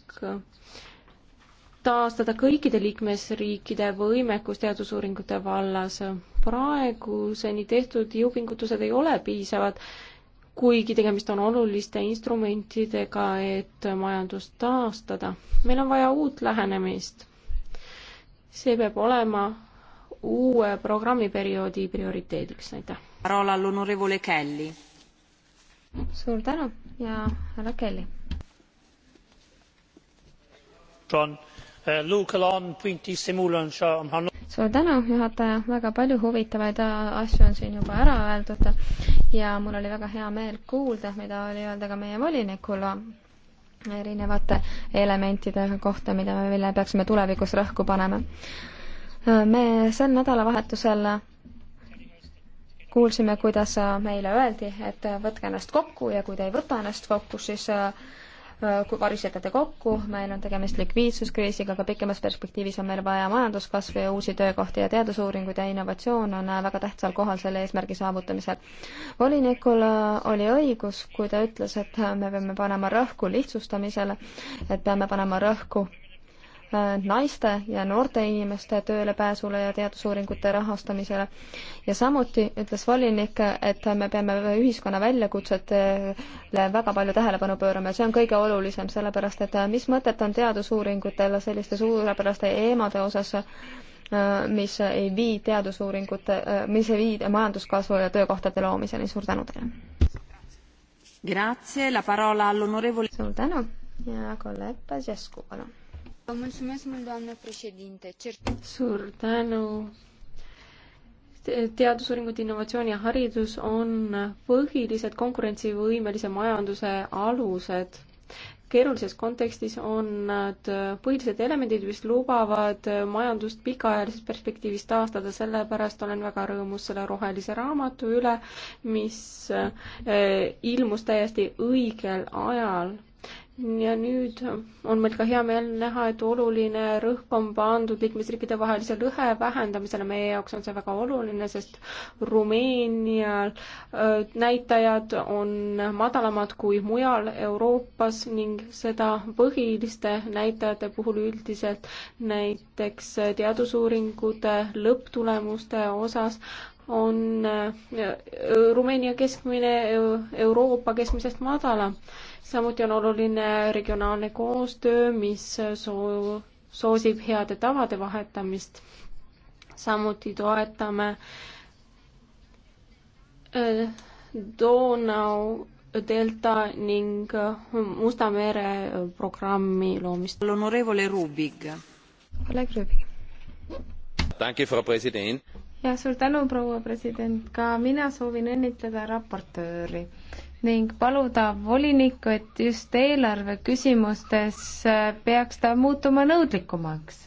taastada kõikide liikmesriikide võimekus teadusuuringute vallas. praeguseni tehtud jõupingutused ei ole piisavad kuigi tegemist on oluliste instrumentidega, et majandust taastada. meil on vaja uut lähenemist. see peab olema uue programmiperioodi prioriteediks, aitäh. suur tänu ja härra Kelly. John suur tänu, juhataja, väga palju huvitavaid asju on siin juba ära öeldud ja mul oli väga hea meel kuulda, mida oli öelda ka meie volinikul erinevate elementide kohta, mida, mille peaksime tulevikus rõhku panema. me sel nädalavahetusel kuulsime, kuidas meile öeldi, et võtke ennast kokku ja kui te ei võta ennast kokku, siis kui äh, varisetate kokku, meil on tegemist likviidsuskriisiga, aga pikemas perspektiivis on meil vaja majanduskasvu ja uusi töökohti ja teadusuuringud ja innovatsioon on äh, väga tähtsal kohal selle eesmärgi saavutamisel. volinikul äh, oli õigus, kui ta ütles, et me peame panema rõhku lihtsustamisele, et peame panema rõhku naiste ja noorte inimeste töölepääsule ja teadusuuringute rahastamisele. ja samuti ütles volinik, et me peame ühiskonna väljakutsetele väga palju tähelepanu pöörama ja see on kõige olulisem, sellepärast et mis mõtet on teadusuuringutel selliste suurepäraste eemade osas, mis ei vii teadusuuringute, mis ei vii majanduskasvu ja töökohtade loomiseni. suur tänu teile! suur tänu ja kolleeg Pazescu, palun! suur tänu. teadusuuringud, innovatsioon ja haridus on põhilised konkurentsivõimelise majanduse alused keerulises kontekstis on nad põhilised elemendid, mis lubavad majandust pikaajalises perspektiivis taastada, sellepärast olen väga rõõmus selle rohelise raamatu üle, mis eh, ilmus täiesti õigel ajal ja nüüd on meil ka hea meel näha, et oluline rõhk on pandud liikmesriikide vahelise lõhe vähendamisele, meie jaoks on see väga oluline, sest Rumeenial äh, näitajad on madalamad kui mujal Euroopas ning seda põhiliste näitajate puhul üldiselt, näiteks teadusuuringute lõpptulemuste osas on äh, Rumeenia keskmine Euroopa keskmisest madalam samuti on oluline regionaalne koostöö, mis soo-, soosib heade tavade vahetamist. samuti toetame äh, Donau delta ning äh, Musta mere äh, programmi loomist. L'onorevole Rubig. kolleeg Rubig. Danke, Frau Präsident. jah, suur tänu, proua president, ka mina soovin õnnitleda raportööri ning paluda volinikku, et just eelarve küsimustes äh, peaks ta muutuma nõudlikumaks.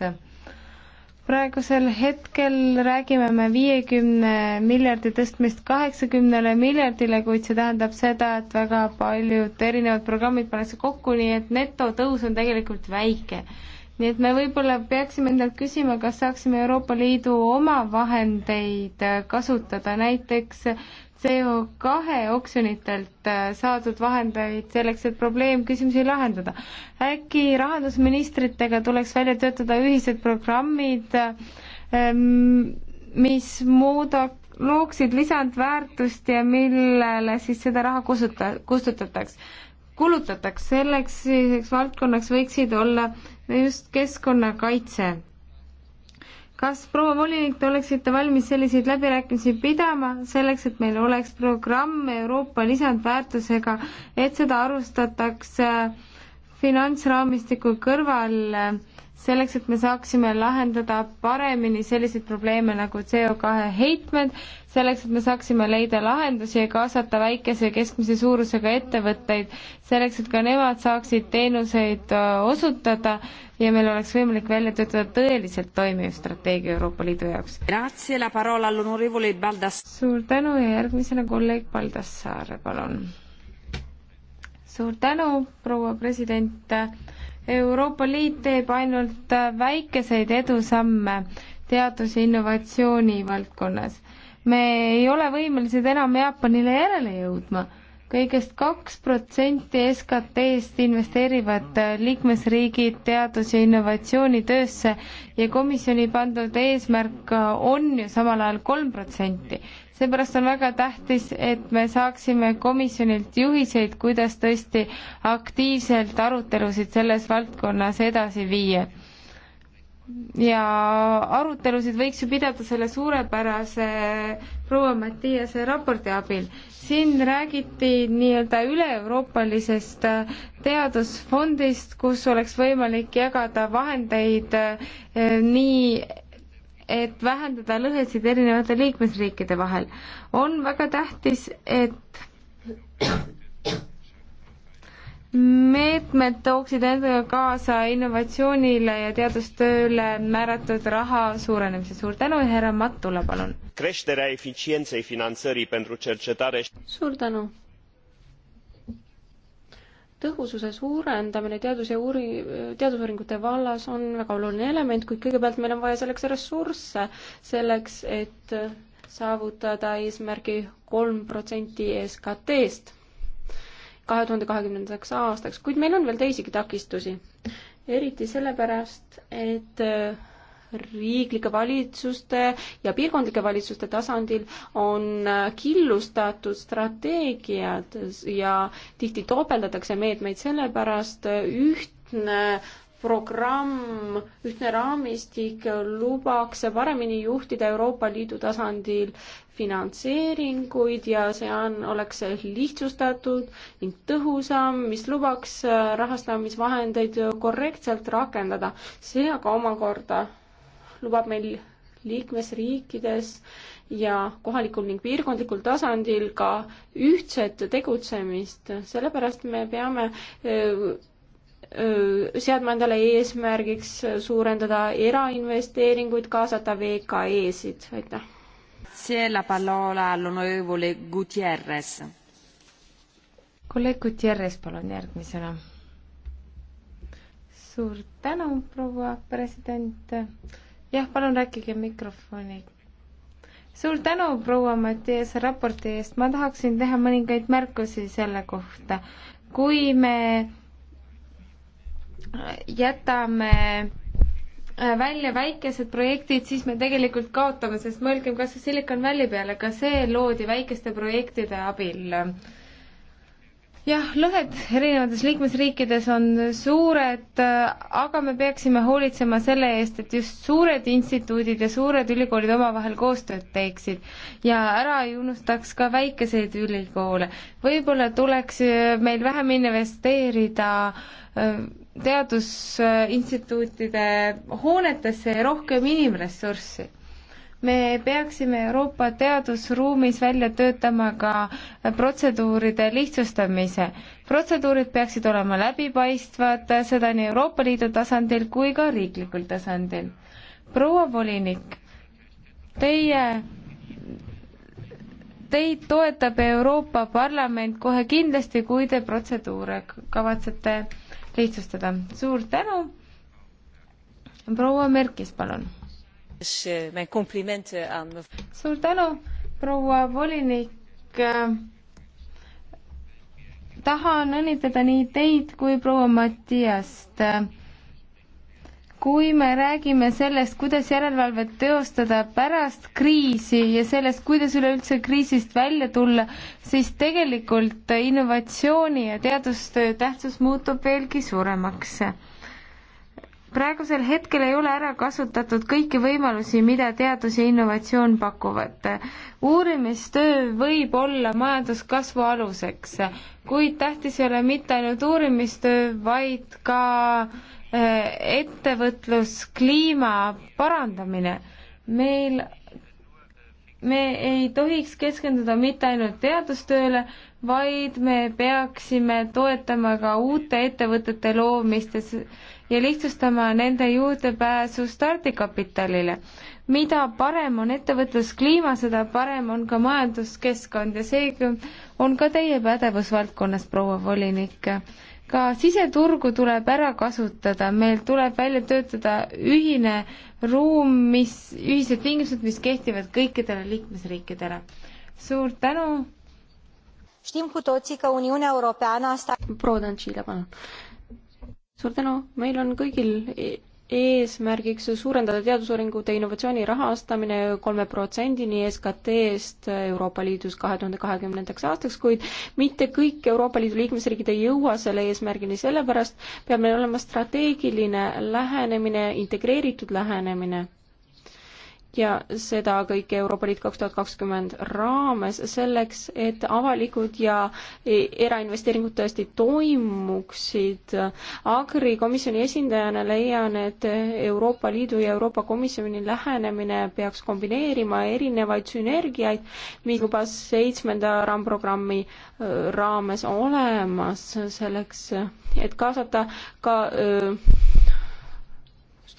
praegusel hetkel räägime me viiekümne miljardi tõstmist kaheksakümnele miljardile, kuid see tähendab seda, et väga paljud erinevad programmid pannakse kokku, nii et netotõus on tegelikult väike nii et me võib-olla peaksime endalt küsima, kas saaksime Euroopa Liidu omavahendeid äh, kasutada näiteks CO2 oksjonitelt äh, saadud vahendeid selleks, et probleemküsimusi lahendada. äkki rahandusministritega tuleks välja töötada ühised programmid, ähm, mis muuda-, looksid lisandväärtust ja millele siis seda raha kustuta-, kustutataks, kulutataks. selleks valdkonnaks võiksid olla just keskkonnakaitse. kas proua volinik, te oleksite valmis selliseid läbirääkimisi pidama selleks, et meil oleks programm Euroopa lisandväärtusega, et seda arustataks äh, finantsraamistiku kõrval äh, selleks, et me saaksime lahendada paremini selliseid probleeme nagu CO2 heitmed, selleks, et me saaksime leida lahendusi ja kaasata väikese ja keskmise suurusega ettevõtteid, selleks, et ka nemad saaksid teenuseid äh, osutada ja meil oleks võimalik välja töötada tõeliselt toimiv strateegia Euroopa Liidu jaoks. suur tänu ja järgmisena kolleeg Baldassar, palun. suur tänu, proua president Euroopa Liit teeb ainult äh, väikeseid edusamme teadus- ja innovatsiooni valdkonnas. me ei ole võimelised enam Jaapanile järele jõudma kõigest kaks protsenti SKT-st investeerivad äh, liikmesriigid teadus- ja innovatsioonitöösse ja komisjoni pandud eesmärk äh, on ju samal ajal kolm protsenti seepärast on väga tähtis, et me saaksime komisjonilt juhiseid, kuidas tõesti aktiivselt arutelusid selles valdkonnas edasi viia. ja arutelusid võiks ju pidada selle suurepärase proua Mattiase raporti abil. siin räägiti nii-öelda üle-euroopalisest teadusfondist, kus oleks võimalik jagada vahendeid eh, nii et vähendada lõhesid erinevate liikmesriikide vahel. on väga tähtis, et meetmed tooksid endaga kaasa innovatsioonile ja teadustööle määratud raha suurenemise. suur tänu ja härra Mattula, palun. suur tänu tõhususe suurendamine teadus- ja uuri-, teadusuuringute vallas on väga oluline element, kuid kõigepealt meil on vaja selleks ressursse, selleks et saavutada eesmärgi kolm protsenti SKT-st kahe tuhande kahekümnendaks aastaks, kuid meil on veel teisigi takistusi. eriti sellepärast, et riiklike valitsuste ja piirkondlike valitsuste tasandil on killustatud strateegiad ja tihti topeldatakse meetmeid, sellepärast ühtne programm, ühtne raamistik lubaks paremini juhtida Euroopa Liidu tasandil finantseeringuid ja see on, oleks lihtsustatud ning tõhusam, mis lubaks rahastamisvahendeid korrektselt rakendada. see aga omakorda lubab meil liikmesriikides ja kohalikul ning piirkondlikul tasandil ka ühtset tegutsemist, sellepärast me peame seadma endale eesmärgiks suurendada erainvesteeringuid, kaasata VKE-sid, aitäh. kolleeg Gutierrez, palun järgmisena. suur tänu, proua president jah, palun rääkige mikrofoni. suur tänu, proua Mattias, raporti eest, ma tahaksin teha mõningaid märkusi selle kohta. kui me jätame välja väikesed projektid, siis me tegelikult kaotame, sest mõelgem kas või Silicon Valley peale, ka see loodi väikeste projektide abil jah, lõhed erinevates liikmesriikides on suured, aga me peaksime hoolitsema selle eest, et just suured instituudid ja suured ülikoolid omavahel koostööd teeksid ja ära ei unustaks ka väikeseid ülikoole. võib-olla tuleks äh, meil vähem investeerida äh, teadusinstituutide hoonetesse ja rohkem inimressurssi me peaksime Euroopa teadusruumis välja töötama ka protseduuride lihtsustamise. protseduurid peaksid olema läbipaistvad, seda nii Euroopa Liidu tasandil kui ka riiklikul tasandil. proua volinik, teie Teid toetab Euroopa Parlament kohe kindlasti, kui te protseduure kavatsete lihtsustada. suur tänu. proua Merkis, palun Eh, eh, suur tänu, proua volinik. Eh, tahan õnnitleda nii teid kui proua Mattiast. kui me räägime sellest, kuidas järelevalvet teostada pärast kriisi ja sellest, kuidas üleüldse kriisist välja tulla, siis tegelikult innovatsiooni ja teadustöö tähtsus muutub veelgi suuremaks praegusel hetkel ei ole ära kasutatud kõiki võimalusi, mida teadus ja innovatsioon pakuvad. uurimistöö võib olla majanduskasvu aluseks, kuid tähtis ei ole mitte ainult uurimistöö, vaid ka äh, ettevõtluskliima parandamine. meil, me ei tohiks keskenduda mitte ainult teadustööle, vaid me peaksime toetama ka uute ettevõtete loomist ja ja lihtsustama nende juurdepääsu stardikapitalile. mida parem on ettevõtluskliima, seda parem on ka majanduskeskkond ja see on ka teie pädevusvaldkonnas, proua volinik ka siseturgu tuleb ära kasutada, meil tuleb välja töötada ühine ruum, mis, ühised tingimused, mis kehtivad kõikidele liikmesriikidele. suur tänu! proua Tantšile, palun suur tänu, meil on kõigil e-, eesmärgiks suurendada teadusuuringute innovatsiooni rahastamine kolme protsendini SKT-st Euroopa Liidus kahe tuhande kahekümnendaks aastaks, kuid mitte kõik Euroopa Liidu liikmesriigid ei jõua selle eesmärgini, sellepärast peab meil olema strateegiline lähenemine, integreeritud lähenemine ja seda kõike Euroopa Liit kaks tuhat kakskümmend raames selleks, et avalikud ja e-, erainvesteeringud tõesti toimuksid. Agri komisjoni esindajana leian, et Euroopa Liidu ja Euroopa Komisjoni lähenemine peaks kombineerima erinevaid sünergiaid, mis juba seitsmenda raamprogrammi e, raames olemas selleks, et kaasata ka öö, e,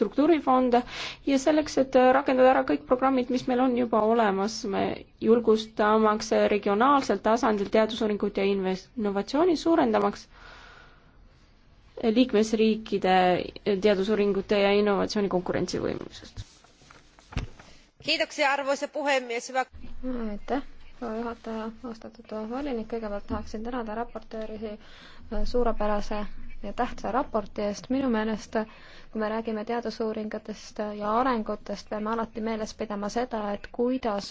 struktuurifonde ja selleks, et rakendada ära kõik programmid, mis meil on juba olemas, me julgustamaks regionaalsel tasandil teadusuuringut ja innovatsiooni suurendamaks liikmesriikide teadusuuringute ja innovatsiooni konkurentsivõimelisust. kiitoksia, arvamuse puhemees. aitäh, proua juhataja, austatud volinik, kõigepealt tahaksin tänada raportööri äh, suurepärase ja tähtsa raporti eest. minu meelest, kui me räägime teadusuuringutest ja arengutest, peame alati meeles pidama seda, et kuidas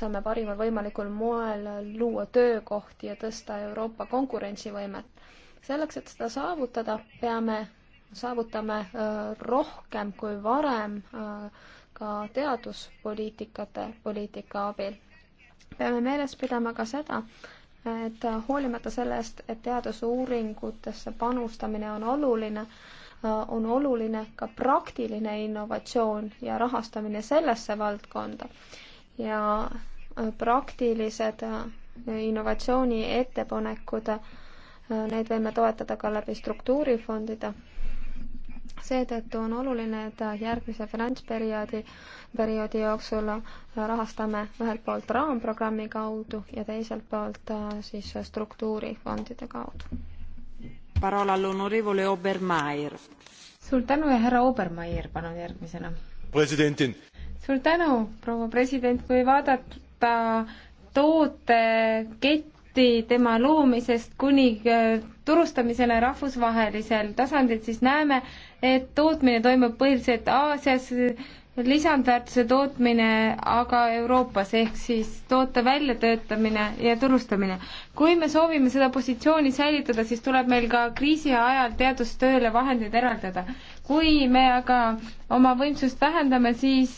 saame parimal võimalikul moel luua töökohti ja tõsta Euroopa konkurentsivõimet. selleks, et seda saavutada, peame, saavutame äh, rohkem kui varem äh, ka teaduspoliitikate, poliitika abil. peame meeles pidama ka seda, et hoolimata sellest, et teadusuuringutesse panustamine on oluline, on oluline ka praktiline innovatsioon ja rahastamine sellesse valdkonda. ja praktilised innovatsiooni ettepanekud, neid võime toetada ka läbi struktuurifondide seetõttu on oluline, et järgmise finantsperioodi, perioodi jooksul rahastame ühelt poolt raamprogrammi kaudu ja teiselt poolt äh, siis struktuurifondide kaudu. Parola all'onorevole Obermeier. suur tänu ja härra Obermeier, palun järgmisena. presidentin. suur tänu, proua president, kui vaadata tooteketti, projekti tema loomisest kuni äh, turustamisele rahvusvahelisel tasandil, siis näeme, et tootmine toimub põhiliselt Aasias, lisandväärtuse tootmine aga Euroopas ehk siis toote väljatöötamine ja turustamine. kui me soovime seda positsiooni säilitada, siis tuleb meil ka kriisi ajal teadustööle vahendeid eraldada. kui me aga oma võimsust vähendame, siis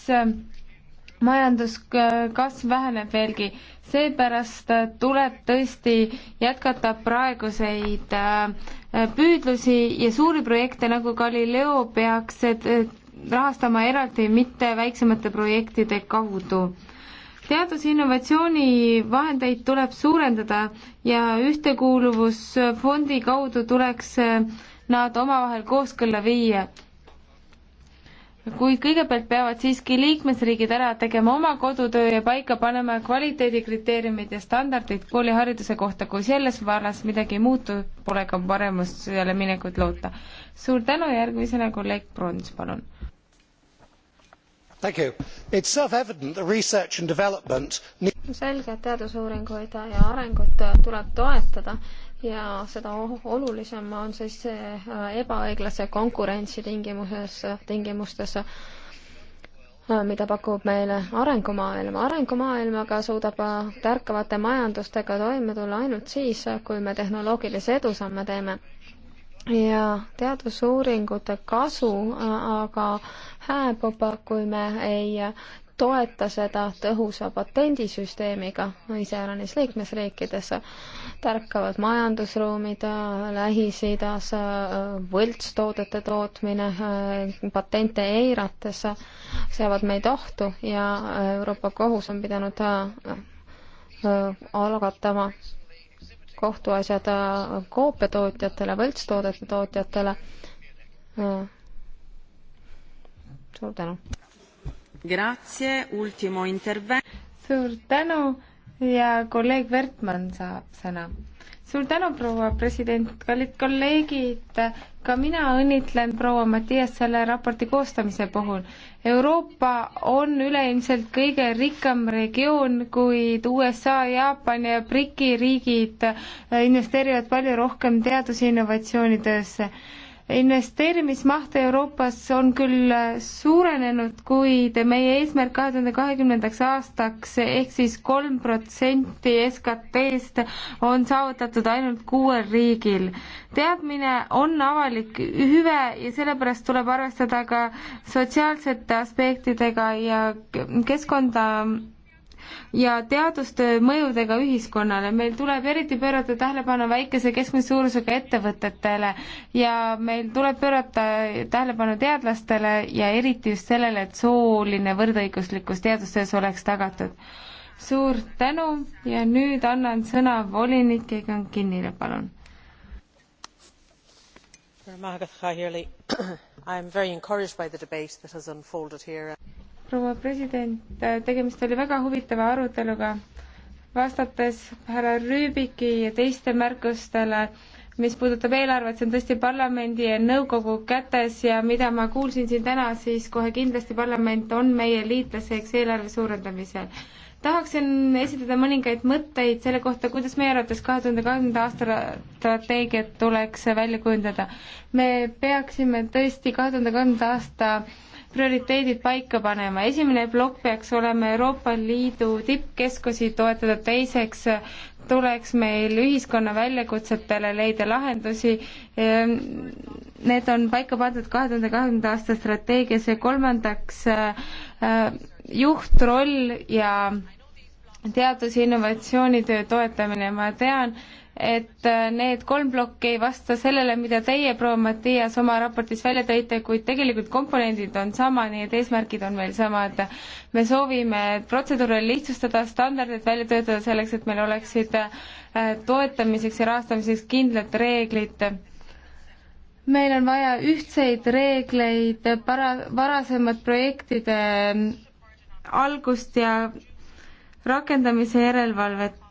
majanduskasv väheneb veelgi, seepärast tuleb tõesti jätkata praeguseid äh, püüdlusi ja suuri projekte nagu Galileo peaks rahastama eraldi, mitte väiksemate projektide kaudu teadusinnovatsiooni vahendeid tuleb suurendada ja ühtekuuluvusfondi kaudu tuleks äh, nad omavahel kooskõlla viia kuid kõigepealt peavad siiski liikmesriigid ära tegema oma kodutöö ja paika panema kvaliteedikriteeriumid ja standardid koolihariduse kohta, kui selles vallas midagi ei muutu, pole ka paremusele minekut loota. suur tänu, järgmisena kolleeg Brons, palun. Thank you. It's self-evident that research and development selge, et teadusuuringuid ja arengut tuleb toetada ja seda olulisem on siis äh, ebaõiglase konkurentsi tingimuses, tingimustes, äh, mida pakub meile arengumaailm. arengumaailm aga suudab äh, tärkavate majandustega toime tulla ainult siis, kui me tehnoloogilisi edusamme teeme. ja teadusuuringute kasu aga hääbub, kui me ei toeta seda tõhusa patendisüsteemiga iseäranis liikmesriikides, tärkavad majandusruumid Lähis-Idas, võltstoodete tootmine patente eirates seavad meid ohtu ja Euroopa Kohus on pidanud äh, algatama kohtuasjad äh, koopiatootjatele, võltstoodete tootjatele. Äh, suur tänu! suur tänu ja kolleeg Vertmann saab sõna. suur tänu, proua president, kallid kolleegid, ka mina õnnitlen proua Mattias selle raporti koostamise puhul. Euroopa on üleilmselt kõige rikkam regioon, kuid USA, Jaapan ja BRICS riigid äh, investeerivad palju rohkem teadus- ja innovatsioonitöösse investeerimismaht Euroopas on küll suurenenud, kuid meie eesmärk kahe tuhande kahekümnendaks aastaks ehk siis kolm protsenti SKT-st on saavutatud ainult kuuel riigil. teadmine on avalik hüve ja sellepärast tuleb arvestada ka sotsiaalsete aspektidega ja keskkonda ja teadustöö mõjudega ühiskonnale. meil tuleb eriti pöörata tähelepanu väikese keskmise suurusega ettevõtetele ja meil tuleb pöörata tähelepanu teadlastele ja eriti just sellele, et sooline võrdõiguslikkus teadustöös oleks tagatud. suur tänu ja nüüd annan sõna volinik Egon Kinnile, palun. I am very encouraged by the debate that has unfolded here proua president, tegemist oli väga huvitava aruteluga. vastates härra Rüübiki ja teiste märkustele, mis puudutab eelarvet, see on tõesti parlamendi ja nõukogu kätes ja mida ma kuulsin siin täna, siis kohe kindlasti parlament on meie liitlaseks eelarve suurendamisel. tahaksin esitada mõningaid mõtteid selle kohta, kuidas meie arvates kahe tuhande kahekümnenda aasta strateegiat tuleks välja kujundada. me peaksime tõesti kahe tuhande kahekümnenda aasta prioriteedid paika panema. esimene plokk peaks olema Euroopa Liidu tippkeskusi toetada, teiseks tuleks meil ühiskonna väljakutsetele leida lahendusi. Ehm, need on paika pandud kahe tuhande kahekümnenda aasta strateegias ja kolmandaks ehm, juhtroll ja teadus- ja innovatsioonitöö toetamine. ma tean, et äh, need kolm plokki ei vasta sellele, mida teie, proua Mattias, oma raportis välja tõite, kuid tegelikult komponendid on sama, nii et eesmärgid on meil samad. me soovime protseduure lihtsustada, standardid välja töötada selleks, et meil oleksid äh, toetamiseks ja rahastamiseks kindlad reeglid. meil on vaja ühtseid reegleid para-, varasemad projektide äh, algust ja rakendamise järelevalvet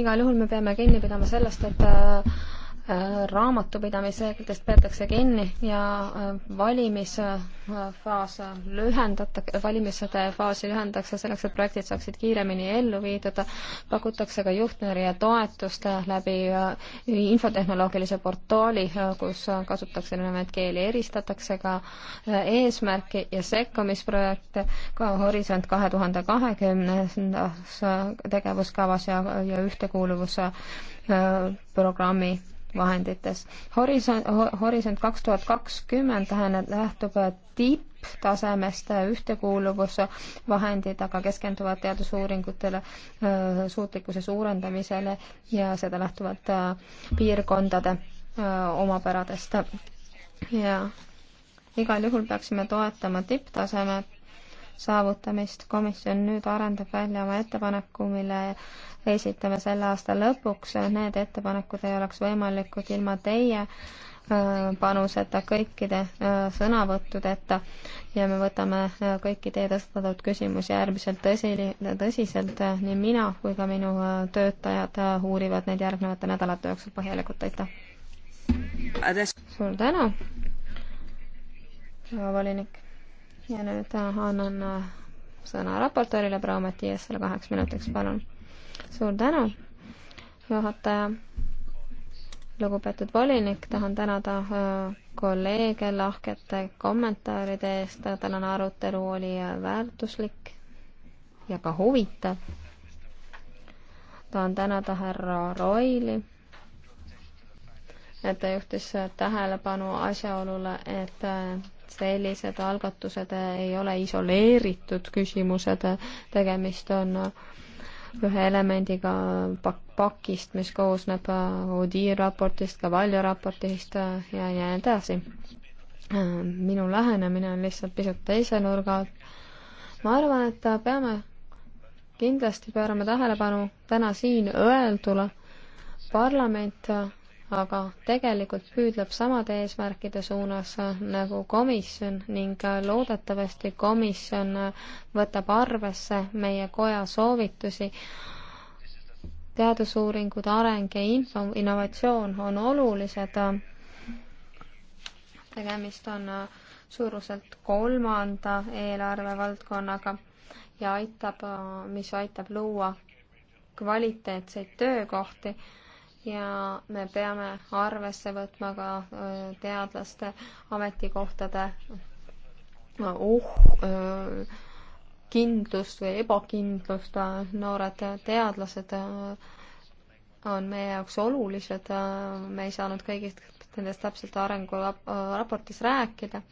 igal juhul me peame kinni pidama sellest, et äh, Äh, raamatupidamisreeglitest peetakse kinni ja äh, valimisfaas äh, lühendatakse, valimiste faasi lühendatakse selleks, et projektid saaksid kiiremini ellu viidud, pakutakse ka juhtnööri ja toetust läbi infotehnoloogilise portaali, kus kasutatakse erinevaid keeli, eristatakse ka eesmärki ja sekkumisprojekte, ka Horisont kahe tuhande kahekümnendas tegevuskavas ja, ja ühtekuuluvuse programmi vahendites. Horisont, Horisont kaks tuhat kakskümmend lähtub tipptasemest ühtekuuluvusvahendid, aga keskenduvad teadusuuringutele, suutlikkuse suurendamisele ja seda lähtuvalt piirkondade omapäradest. ja igal juhul peaksime toetama tipptasemet saavutamist. komisjon nüüd arendab välja oma ettepaneku, mille esitame selle aasta lõpuks. Need ettepanekud ei oleks võimalikud ilma teie äh, panuseta, kõikide äh, sõnavõttudeta ja me võtame äh, kõiki teie tõstatatud küsimusi äärmiselt tõsi, tõsiselt. nii mina kui ka minu töötajad uurivad neid järgnevate nädalate jooksul põhjalikult. aitäh! suur tänu, proua volinik! ja nüüd äh, annan äh, sõna raportöörile proua Mattiasele kaheks minutiks, palun. suur tänu, juhataja. lugupeetud volinik, tahan tänada äh, kolleege lahkete kommentaaride eest, tänane arutelu oli väärtuslik ja ka huvitav. tahan tänada härra Roili, et ta juhtis tähelepanu asjaolule, et sellised algatused ei ole isoleeritud küsimused, tegemist on ühe elemendiga pak-, pakist, mis koosneb ODI raportist, Kavalja raportist ja nii edasi. minu lähenemine on lihtsalt pisut teise nurga alt. ma arvan, et peame kindlasti pöörama tähelepanu täna siin öeldule, parlament aga tegelikult püüdleb samade eesmärkide suunas nagu komisjon ning loodetavasti komisjon võtab arvesse meie koja soovitusi. teadusuuringud, areng ja info, innovatsioon on olulised. tegemist on suuruselt kolmanda eelarvevaldkonnaga ja aitab, mis aitab luua kvaliteetseid töökohti ja me peame arvesse võtma ka äh, teadlaste ametikohtade äh, uh, äh, kindlust või ebakindlust. noored teadlased on meie jaoks olulised, me ei saanud kõigist nendest täpselt arenguraportis rääkida,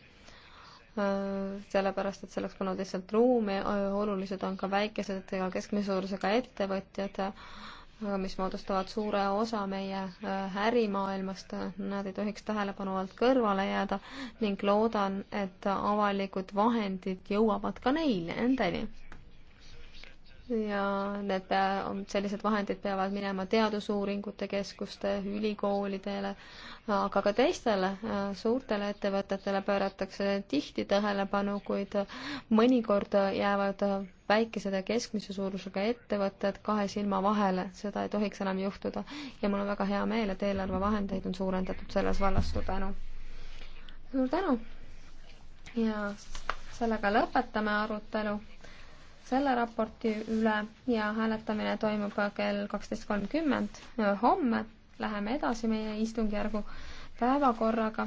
sellepärast et selleks polnud lihtsalt ruumi, olulised on ka väikesed ja keskmise suurusega ettevõtjad et mis moodustavad suure osa meie äh, ärimaailmast, nad ei tohiks tähelepanu alt kõrvale jääda ning loodan, et avalikud vahendid jõuavad ka neile, nendeni ja need pea-, sellised vahendid peavad minema teadusuuringute keskuste, ülikoolidele, aga ka teistele äh, suurtele ettevõtetele pööratakse tihti tähelepanu, kuid mõnikord jäävad väikesed ja keskmise suurusega ettevõtted kahe silma vahele, seda ei tohiks enam juhtuda. ja mul on väga hea meel, et eelarvevahendeid on suurendatud selles vallas, suur tänu! suur tänu! ja sellega lõpetame arutelu selle raporti üle ja hääletamine toimub kell kaksteist kolmkümmend homme. Läheme edasi meie istungjärgu päevakorraga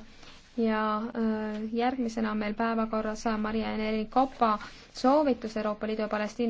ja äh, järgmisena on meil päevakorras Maria-Eneri Kopa soovitus Euroopa Liidu ja Palestiina